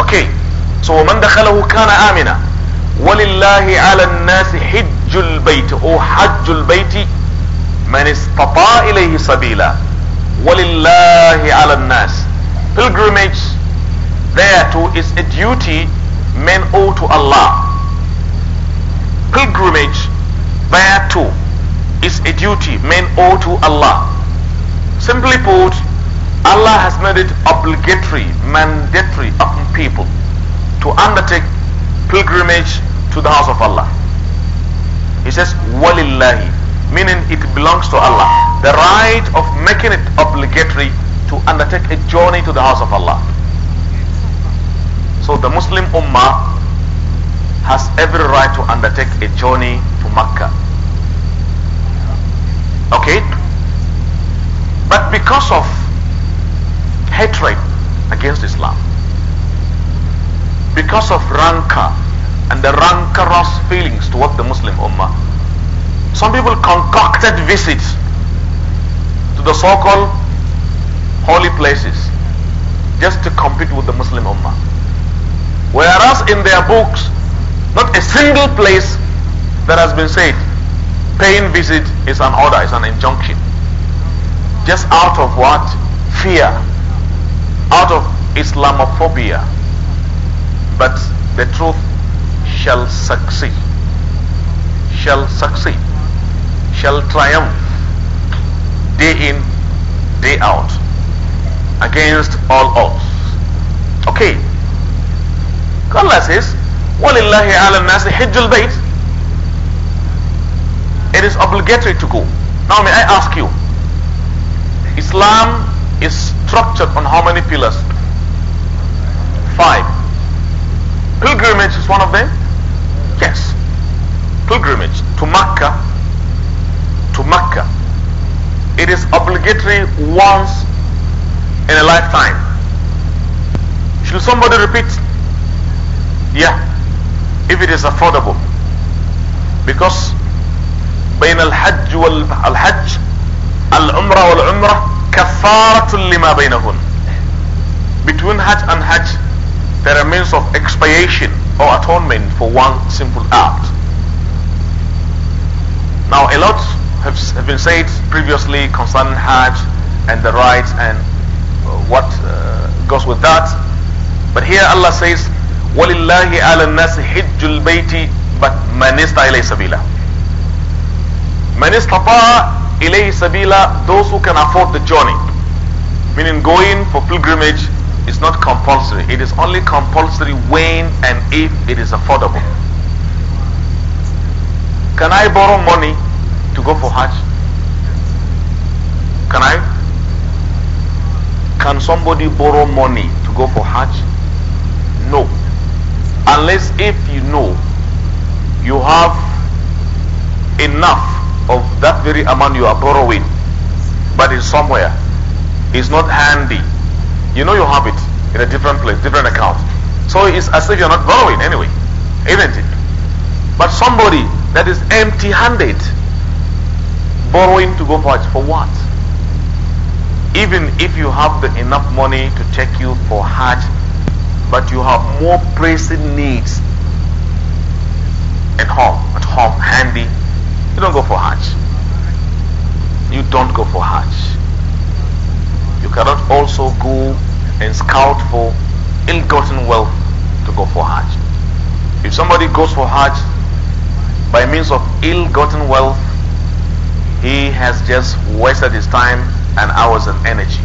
Okay. So ومن دخله كان آمنا ولله على الناس حج البيت أو حج البيت من استطاع إليه سبيلا ولله على الناس pilgrimage thereto is a duty men owe to Allah pilgrimage thereto is a duty men owe to Allah. Simply put, Allah has made it obligatory, mandatory upon people to undertake pilgrimage to the house of Allah. He says, Walillahi, meaning it belongs to Allah. The right of making it obligatory to undertake a journey to the house of Allah. So the Muslim Ummah has every right to undertake a journey to Mecca. Okay? But because of hatred against Islam, because of rancor and the rancorous feelings toward the Muslim Ummah, some people concocted visits to the so-called holy places just to compete with the Muslim Ummah. Whereas in their books, not a single place that has been said, paying visit is an order, is an injunction. Just out of what? Fear. Out of Islamophobia. But the truth shall succeed. Shall succeed. Shall triumph. Day in, day out. Against all odds. Okay. Allah says, وَلِلَّهِ عَلَى النَّاسِ حِجُّ الْبَيْتِ it is obligatory to go. Now may I ask you, Islam is structured on how many pillars? Five. Pilgrimage is one of them? Yes. Pilgrimage to Mecca. To Mecca. It is obligatory once in a lifetime. Should somebody repeat? Yeah. If it is affordable. Because بين الحج والحج العمرة والعمرة كفارة لما بينهن between Hajj and Hajj there are means of expiation or atonement for one simple act now a lot have, been said previously concerning Hajj and the rights and what uh, goes with that but here Allah says وَلِلَّهِ عَلَى النَّاسِ حِجُّ الْبَيْتِ but man إِلَيْهِ سَبِيلًا Man ilayhi sabila, those who can afford the journey. Meaning going for pilgrimage is not compulsory. It is only compulsory when and if it is affordable. Can I borrow money to go for Hajj? Can I? Can somebody borrow money to go for Hajj? No. Unless if you know you have enough of that very amount you are borrowing, but it's somewhere. It's not handy. You know you have it in a different place, different account. So it's as if you're not borrowing anyway, isn't it? But somebody that is empty-handed, borrowing to go for it, for what? Even if you have the enough money to take you for Hajj, but you have more pressing needs at home, at home, handy, you don't go for Hajj. You don't go for Hajj. You cannot also go and scout for ill-gotten wealth to go for Hajj. If somebody goes for Hajj by means of ill-gotten wealth, he has just wasted his time and hours and energy.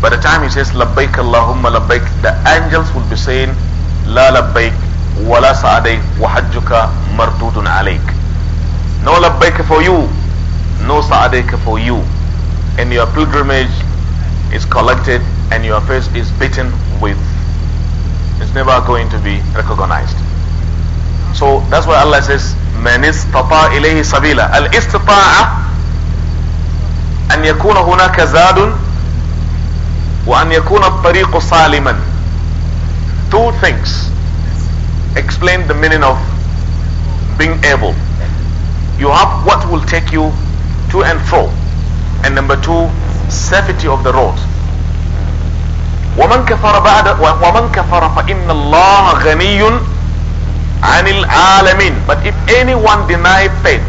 By the time he says labbaik Allahumma labbaik, the angels will be saying la labbaik wa la Wahajjuka wa hajjuka mardudun alayk. No labbaika for you, no sa'adik for you. And your pilgrimage is collected and your face is beaten with. It's never going to be recognized. So that's why Allah says, من استطاع إليه سبيلا الاستطاعة أن يكون هناك زاد وأن يكون الطريق saliman. Two things explain the meaning of being able you have what will take you to and fro and number two safety of the road ومن كفر بعد ومن كفر فإن الله غني عن العالمين but if anyone deny faith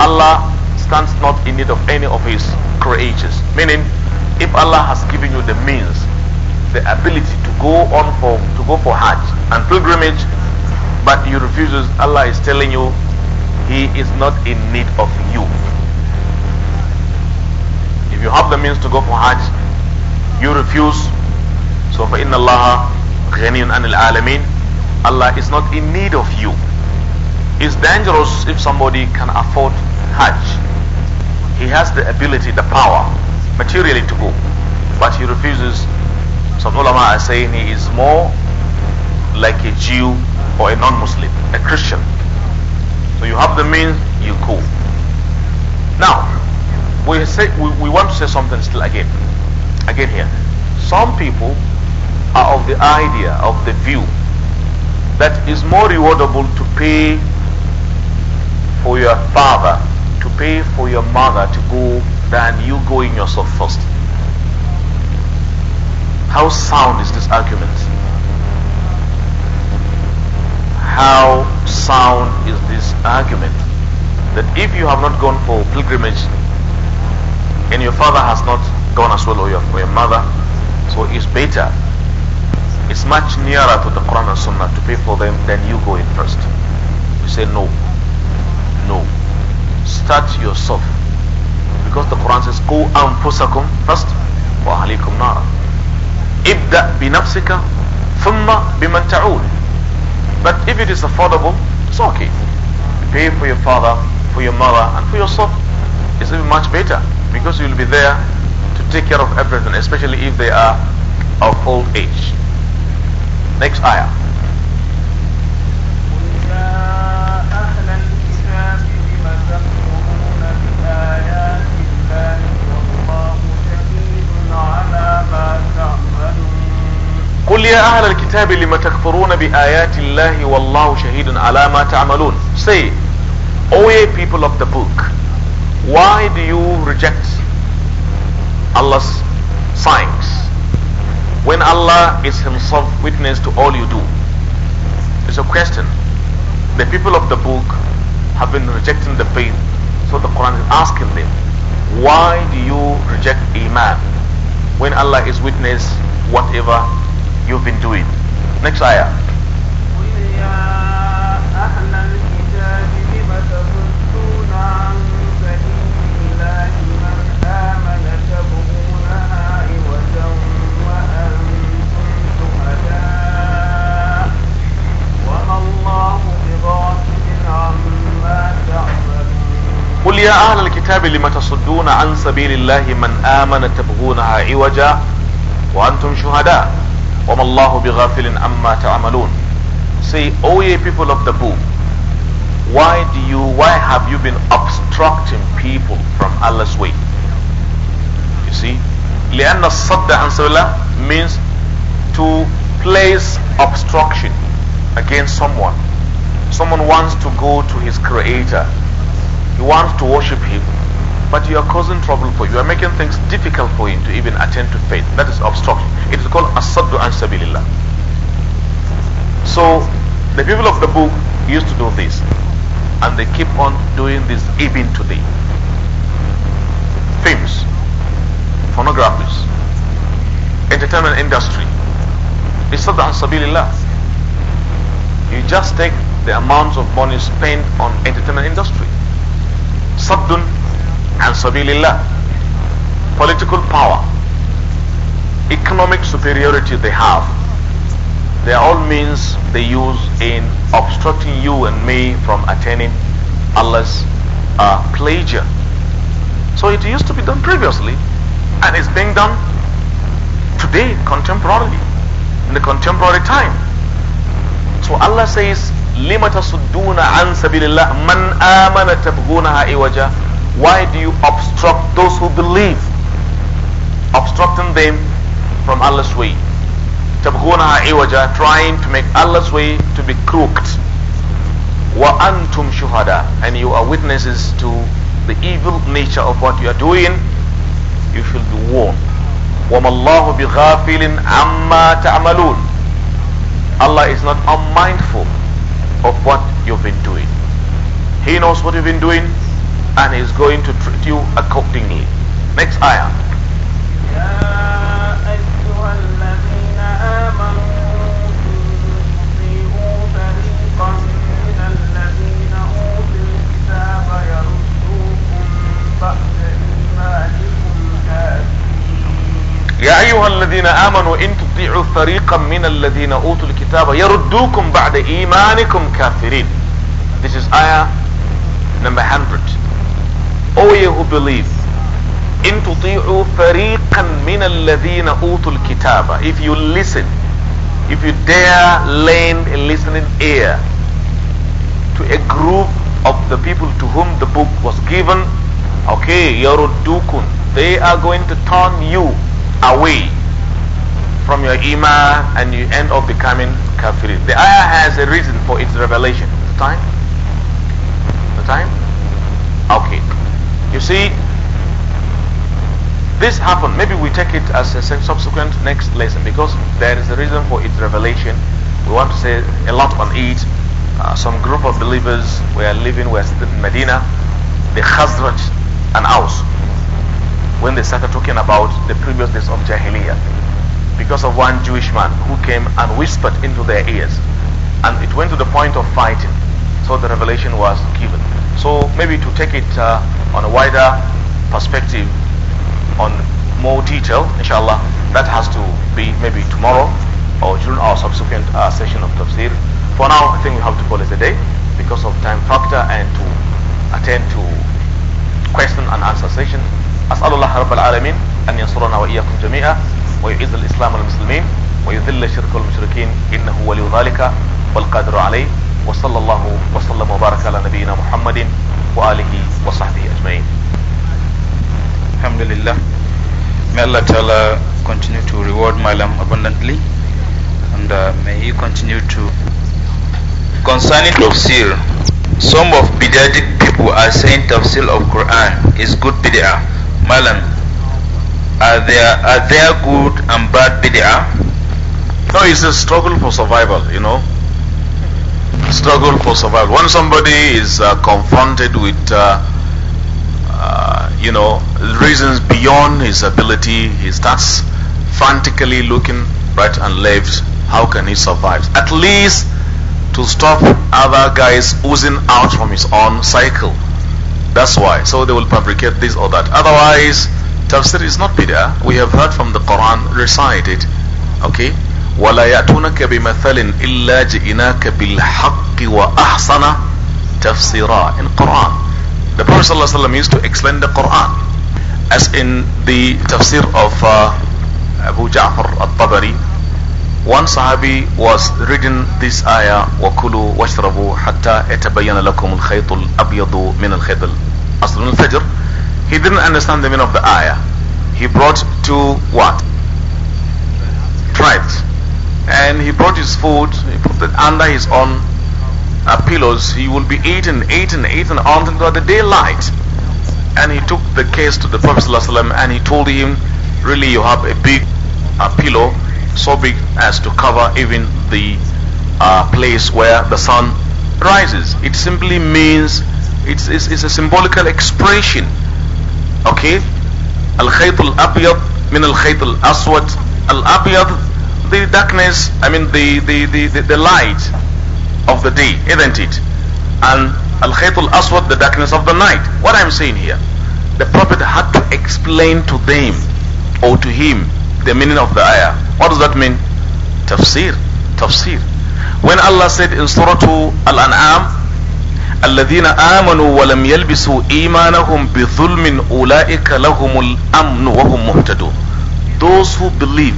Allah stands not in need of any of his creatures meaning if Allah has given you the means the ability to go on for to go for Hajj and pilgrimage but you refuses Allah is telling you he is not in need of you. If you have the means to go for Hajj, you refuse, so Inna Allah غَنِيٌّ Anil الْعَالَمِينَ Allah is not in need of you. It's dangerous if somebody can afford Hajj. He has the ability, the power, materially to go, but he refuses. Some ulama are saying he is more like a Jew or a non-Muslim, a Christian so you have the means, you go. Now, we say we, we want to say something still again. Again here. Some people are of the idea, of the view that is more rewardable to pay for your father, to pay for your mother to go than you going yourself first. How sound is this argument? How sound this argument that if you have not gone for pilgrimage and your father has not gone as well or your, or your mother, so it's better. It's much nearer to the Quran and Sunnah to pay for them than you going first. You say no. No. Start yourself. Because the Quran says, Go and pusakum first. Wa ahlikum nara. Ibda binafsika thumma biman ta'ul. But if it is affordable, it's okay pay for your father, for your mother, and for yourself. It's even much better because you'll be there to take care of everything, especially if they are of old age. Next ayah. قل يا أهل الكتاب لم تكفرون بآيات الله والله شهيد على ما تعملون say away people of the book, why do you reject Allah's signs? When Allah is himself witness to all you do. It's a question. The people of the book have been rejecting the faith. So the Quran is asking them, why do you reject Iman? When Allah is witness whatever you've been doing. Next ayah. قل يا أهل الكتاب لم تصدون عن سبيل الله من آمن تبغونها عوجا وأنتم شهداء وما الله بغافل عما تعملون Say, O ye people of the book, why do you, why have you been obstructing people from Allah's way? You see, لأن الصد عن سبيل الله means to place obstruction against someone. Someone wants to go to his creator You want to worship him, but you are causing trouble for you. You are making things difficult for him to even attend to faith. That is obstruction. It is called asaddu an sabilillah. So the people of the book used to do this, and they keep on doing this even today. Films, pornographies, entertainment industry. It's not an sabilillah. You just take the amount of money spent on entertainment industry صد عن سبيل الله political power economic superiority they have they are all means they use in obstructing you and me from attaining Allah's uh, pleasure so it used to be done previously and it's being done today contemporarily in the contemporary time so Allah says lima tasudduna an sabilillah man amana tabghunaha iwaja why do you obstruct those who believe obstructing them from Allah's way tabghunaha iwaja trying to make Allah's way to be crooked wa antum shuhada and you are witnesses to the evil nature of what you are doing you should be warned وما الله بغافل عما تعملون Allah is not unmindful of what you've been doing. He knows what you've been doing and he's going to treat you accordingly. Next ayah. يا ايها الذين امنوا ان تطيعوا فريقا من الذين اوتوا الكتاب يردوكم بعد ايمانكم كافرين this is ayah number 100 O ye who believe إن تطيعوا فريقا من الذين أوتوا الكتاب if you listen if you dare lend a listening ear to a group of the people to whom the book was given okay yaruddukum they are going to turn you away from your iman and you end up becoming kafir. The ayah has a reason for its revelation. The time? The time? Okay. You see, this happened. Maybe we take it as a subsequent next lesson because there is a reason for its revelation. We want to say a lot on it. Uh, some group of believers were living were in Medina, the Khazraj and Aus when they started talking about the previous days of Jahiliyyah because of one Jewish man who came and whispered into their ears. And it went to the point of fighting. So the revelation was given. So maybe to take it uh, on a wider perspective, on more detail, inshallah, that has to be maybe tomorrow or during our subsequent uh, session of tafsir. For now, I think we have to call it a day because of time factor and to attend to question and answer session. أسأل الله رب العالمين أن ينصرنا وإياكم جميعا ويعز الإسلام والمسلمين ويذل الشرك والمشركين إنه ولي ذلك والقادر عليه وصلى الله وسلم وبارك على نبينا محمد وآله وصحبه أجمعين الحمد لله May Allah Ta'ala continue to reward Malam abundantly and uh, may he continue to concerning tafsir some of bidadic people are saying tafsir of Quran is good bid'ah Malam, are there, are there good and bad bid'ah? No, it's a struggle for survival, you know. Struggle for survival. When somebody is uh, confronted with, uh, uh, you know, reasons beyond his ability, he starts frantically looking right and left. How can he survive? At least to stop other guys oozing out from his own cycle. That's why. So they will fabricate this or that. Otherwise, tafsir is not bid'ah. We have heard from the Quran, recite it. Okay? وَلَا يَأْتُونَكَ بِمَثَلٍ إِلَّا جِئِنَاكَ بِالْحَقِّ وَأَحْسَنَ تَفْسِيرًا In Quran. The Prophet ﷺ used to explain the Quran. As in the tafsir of uh, Abu Ja'far al-Tabari, one Sahabi was reading this ayah, وَكُلُوا وَاشْرَبُوا حَتَّى يَتَبَيَّنَ لَكُمُ الْخَيْطُ الْأَبْيَضُ مِنَ الْخَيْطِ الْأَصْلُ الْفَجْرِ He didn't understand the meaning of the ayah. He brought two what? Tribes. And he brought his food, he put it under his own uh, pillows. He will be eating, eating, eating until the daylight. And he took the case to the Prophet ﷺ and he told him, really you have a big uh, pillow so big as to cover even the uh, place where the sun rises. It simply means it's, it's, it's a symbolical expression. Okay? Al Khayt al min al Khayt al Aswad. Al abiyad, the darkness, I mean the, the, the, the, the light of the day, isn't it? And Al Khayt al Aswad, the darkness of the night. What I'm saying here, the Prophet had to explain to them or to him the meaning of the ayah. What does that mean? Tafsir. Tafsir. When Allah said in Surah Al-An'am, الذين آمنوا ولم يلبسوا إيمانهم بظلم أولئك لهم الأمن وهم مهتدون Those who believe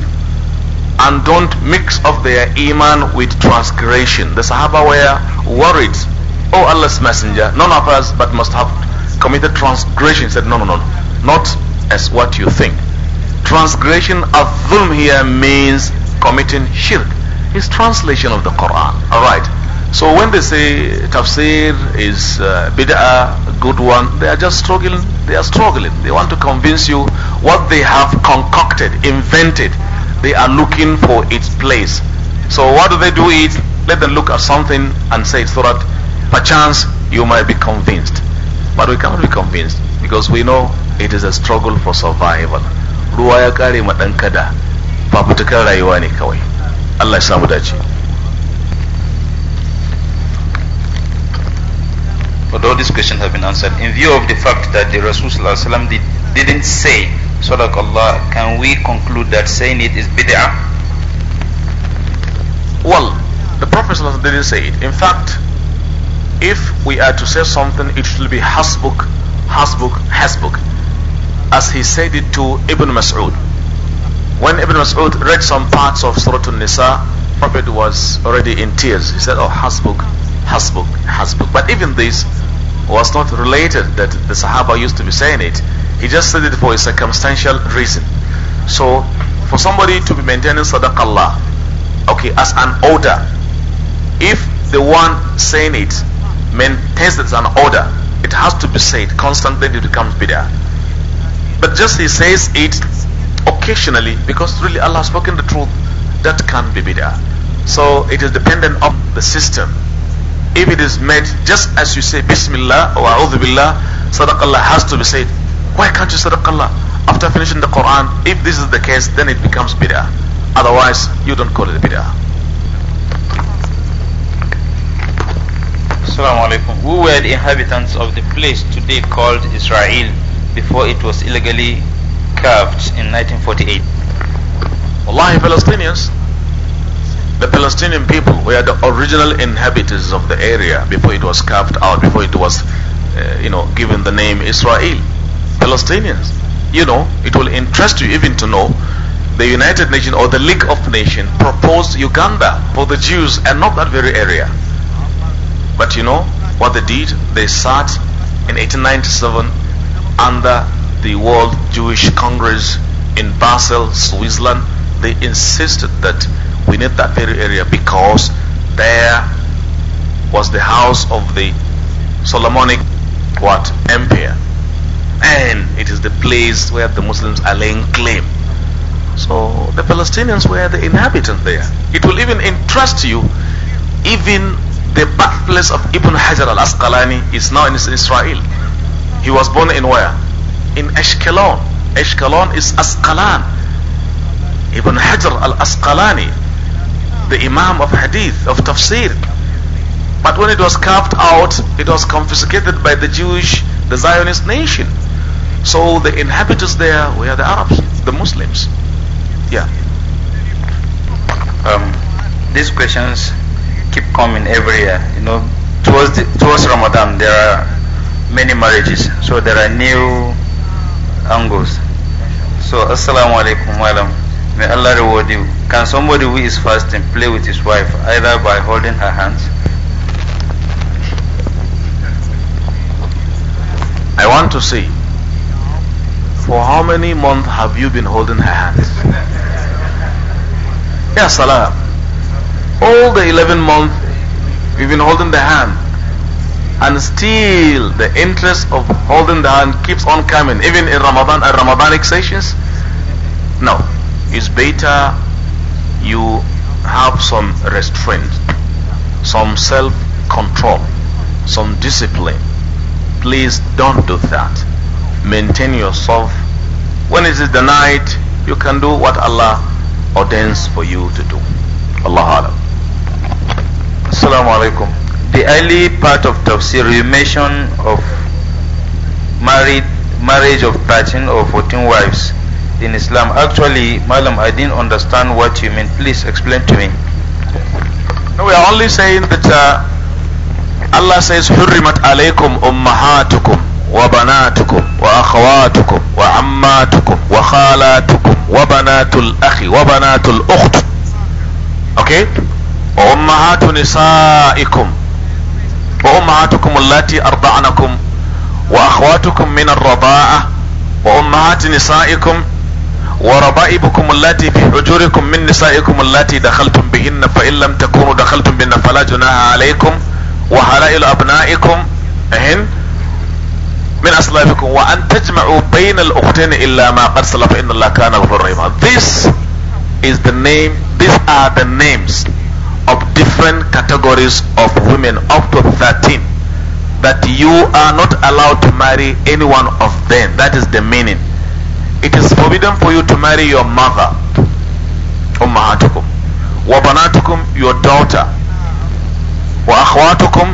and don't mix of their iman with transgression. The Sahaba were worried. Oh Allah's Messenger, none of us but must have committed transgression. He said, no, no, no, not as what you think. Transgression of dhulm here means committing shirk. It's translation of the Quran. Alright. So when they say tafsir is uh, bid'ah, good one, they are just struggling. They are struggling. They want to convince you what they have concocted, invented. They are looking for its place. So what do they do It let them look at something and say it so that perchance you might be convinced. But we cannot be convinced because we know it is a struggle for survival ruwa ya kare ma dan kada fafutukar rayuwa ne kawai Allah ya samu dace these questions have been answered, in view of the fact that the Rasul did, didn't say Allah, can we conclude that saying it is bid'ah? Well, the Prophet didn't say it. In fact, if we are to say something, it should be hasbuk, hasbuk, hasbuk as he said it to Ibn Mas'ud. When Ibn Mas'ud read some parts of Surah An-Nisa, Prophet was already in tears. He said, Oh, Hasbuk, Hasbuk, Hasbuk. But even this was not related that the Sahaba used to be saying it. He just said it for a circumstantial reason. So, for somebody to be maintaining Sadaqallah, okay, as an order, if the one saying it maintains it as an order, it has to be said constantly, it becomes bid'ah. But just he says it occasionally because really Allah has spoken the truth, that can't be bid'ah. So it is dependent on the system. If it is made just as you say Bismillah or A'udhu Billah, Sadaqallah has to be said. Why can't you Sadaqallah? After finishing the Quran, if this is the case, then it becomes bid'ah. Otherwise, you don't call it bid'ah. Assalamu alaikum. Who were the inhabitants of the place today called Israel? before it was illegally carved in 1948. Wallahi, Palestinians, the Palestinian people were the original inhabitants of the area before it was carved out, before it was, uh, you know, given the name Israel. Palestinians. You know, it will interest you even to know the United Nations or the League of Nations proposed Uganda for the Jews and not that very area. But you know what they did? They sat in 1897 under the World Jewish Congress in Basel, Switzerland, they insisted that we need that very area because there was the house of the Solomonic what empire and it is the place where the Muslims are laying claim so the Palestinians were the inhabitants there it will even interest you even the birthplace of Ibn Hajar al-Asqalani is now in Israel he was born in where? In Ashkelon. Ashkelon is Asqalan. Ibn Hajr al-Asqalani, the Imam of Hadith, of Tafsir. But when it was carved out, it was confiscated by the Jewish, the Zionist nation. So the inhabitants there were the Arabs, the Muslims. Yeah. Um, these questions keep coming every year. You know, towards the, towards Ramadan, there are many marriages. So there are new angles. So assalamu alaikum walam. May Allah reward you. Can somebody who is fasting play with his wife either by holding her hands? I want to see for how many months have you been holding her hands? Yes, Allah. All the 11 months, we've been holding the hand and still the interest of holding the hand keeps on coming even in Ramadan and uh, Ramadanic sessions no it's better you have some restraint some self-control some discipline please don't do that maintain yourself when it is the night you can do what Allah ordains for you to do Allah Alam Assalamu alaikum the early part of tafsir you mentioned of married marriage of 13 or 14 wives in Islam. Actually, Malam, I didn't understand what you mean. Please explain to me. No, we are only saying that uh, Allah says, "Hurrimat alaykum ummahatukum wa banatukum wa akhawatukum wa ammatukum wa khalatukum wa banatul akhi wa banatul ukht." Okay? Ummahatu nisaikum. وامهاتكم اللاتي ارضعنكم واخواتكم من الرضاعة وامهات نسائكم وربائبكم اللاتي في حجوركم من نسائكم اللاتي دخلتم بهن فان لم تكونوا دخلتم بهن فلا جناح عليكم وحلائل ابنائكم اهن من اسلافكم وان تجمعوا بين الاختين الا ما قد سلف ان الله كان غفور رحيم. this is the name these are the names different categories of women up to 13 that you are not allowed to marry any one of them that is the meaning it is forbidden for you to marry your mother ummahatukum wabanatukum, your daughter waakhwatukum,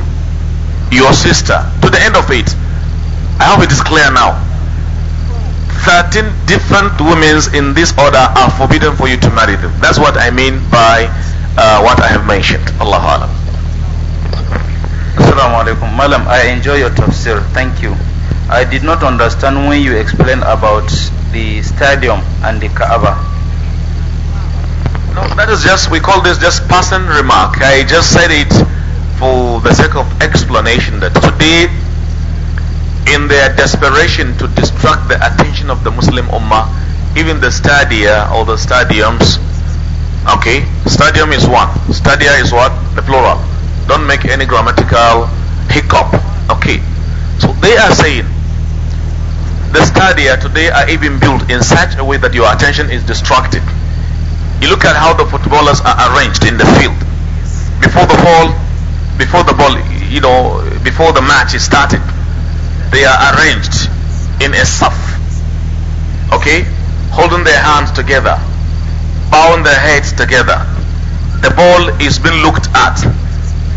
your sister to the end of it i hope it is clear now 13 different women in this order are forbidden for you to marry them that's what i mean by uh, what I have mentioned. Allahu Alam. Assalamu alaikum. Malam, I enjoy your tafsir. Thank you. I did not understand when you explained about the stadium and the Kaaba. No, that is just, we call this just passing remark. I just said it for the sake of explanation that today, in their desperation to distract the attention of the Muslim Ummah, even the stadia or the stadiums, Okay, stadium is one. Stadia is what? The plural. Don't make any grammatical hiccup. Okay, so they are saying the stadia today are even built in such a way that your attention is distracted. You look at how the footballers are arranged in the field. Before the ball, before the ball, you know, before the match is started, they are arranged in a saf. Okay, holding their hands together bound their heads together. The ball is being looked at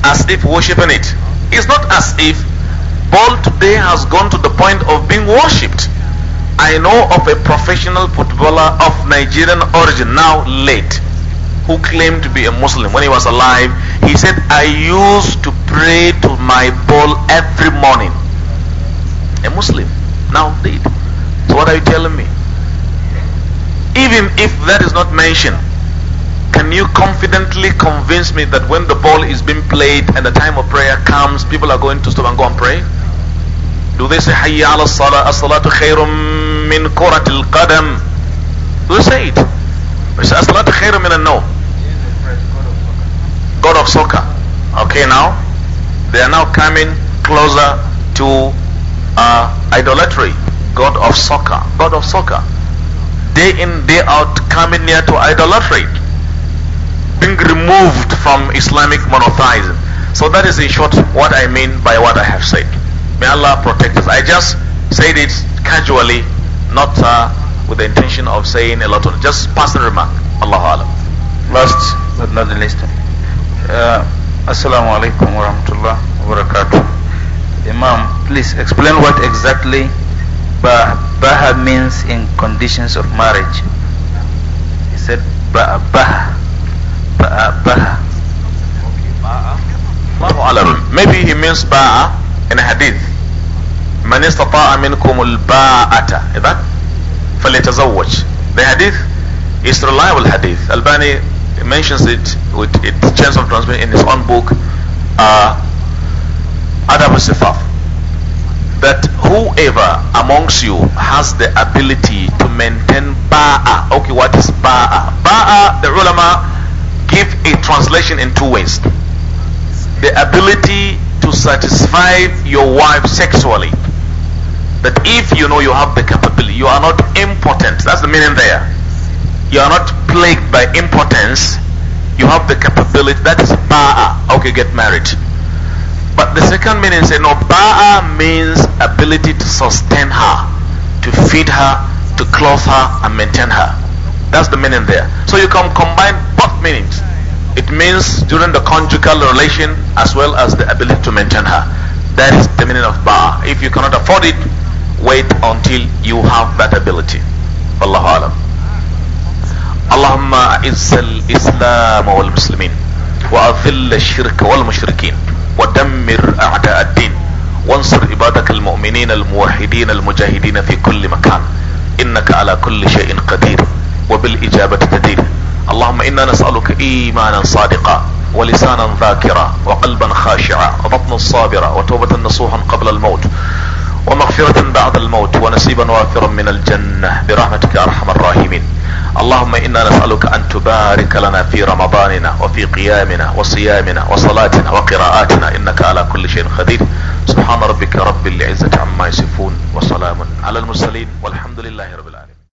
as if worshipping it. It's not as if ball today has gone to the point of being worshipped. I know of a professional footballer of Nigerian origin, now late, who claimed to be a Muslim when he was alive. He said, I used to pray to my ball every morning. A Muslim, now dead. So what are you telling me? even if that is not mentioned, can you confidently convince me that when the ball is being played and the time of prayer comes, people are going to stop and go and pray? Do they say Hayya ala salah, as-salatu khairum min kuratil qadam? Do they say it? They say as-salatu khairum min no. God of soccer. Okay, now they are now coming closer to uh, idolatry. God of soccer. God of soccer day in, day out, coming near to idolatry, being removed from Islamic monotheism. So that is in short what I mean by what I have said. May Allah protect us. I just said it casually, not uh, with the intention of saying a lot of just passing remark. Allahu Alam. Last but not the least. Uh, Assalamu alaikum wa rahmatullah wa barakatuh. Imam, please explain what exactly Baha means in conditions of marriage. He said Baha Baha. Baha Baha. Ah. Maybe he means Ba'a ah, in a hadith. من استطاع منكم الباءة. Is that? فليتزوج. The hadith is reliable hadith. Albani mentions it with its chance of transmission in his own book, uh, Adab al-Sifaf that whoever amongst you has the ability to maintain ba'a. Okay, what is ba'a? Ba'a, the ulama give a translation in two ways. The ability to satisfy your wife sexually. That if you know you have the capability, you are not impotent. That's the meaning there. You are not plagued by impotence. You have the capability. That is ba'a. Okay, get married. But the second meaning is no ba'a means ability to sustain her, to feed her, to clothe her, and maintain her. That's the meaning there. So you can combine both meanings. It means during the conjugal relation as well as the ability to maintain her. That is the meaning of ba'a. If you cannot afford it, wait until you have that ability. Wallahu alam. اللهم اعز الاسلام والمسلمين shirk Wal والمشركين ودمر اعداء الدين وانصر عبادك المؤمنين الموحدين المجاهدين في كل مكان انك على كل شيء قدير وبالاجابة تدير اللهم انا نسألك ايمانا صادقا ولسانا ذاكرا وقلبا خاشعا وبطنا صابرا وتوبة نصوحا قبل الموت ومغفرة بعد الموت ونصيبا وافرا من الجنة برحمتك ارحم الراحمين اللهم انا نسألك ان تبارك لنا في رمضاننا وفي قيامنا وصيامنا وصلاتنا وقراءاتنا انك على كل شيء قدير سبحان ربك رب العزة عما يصفون وسلام على المرسلين والحمد لله رب العالمين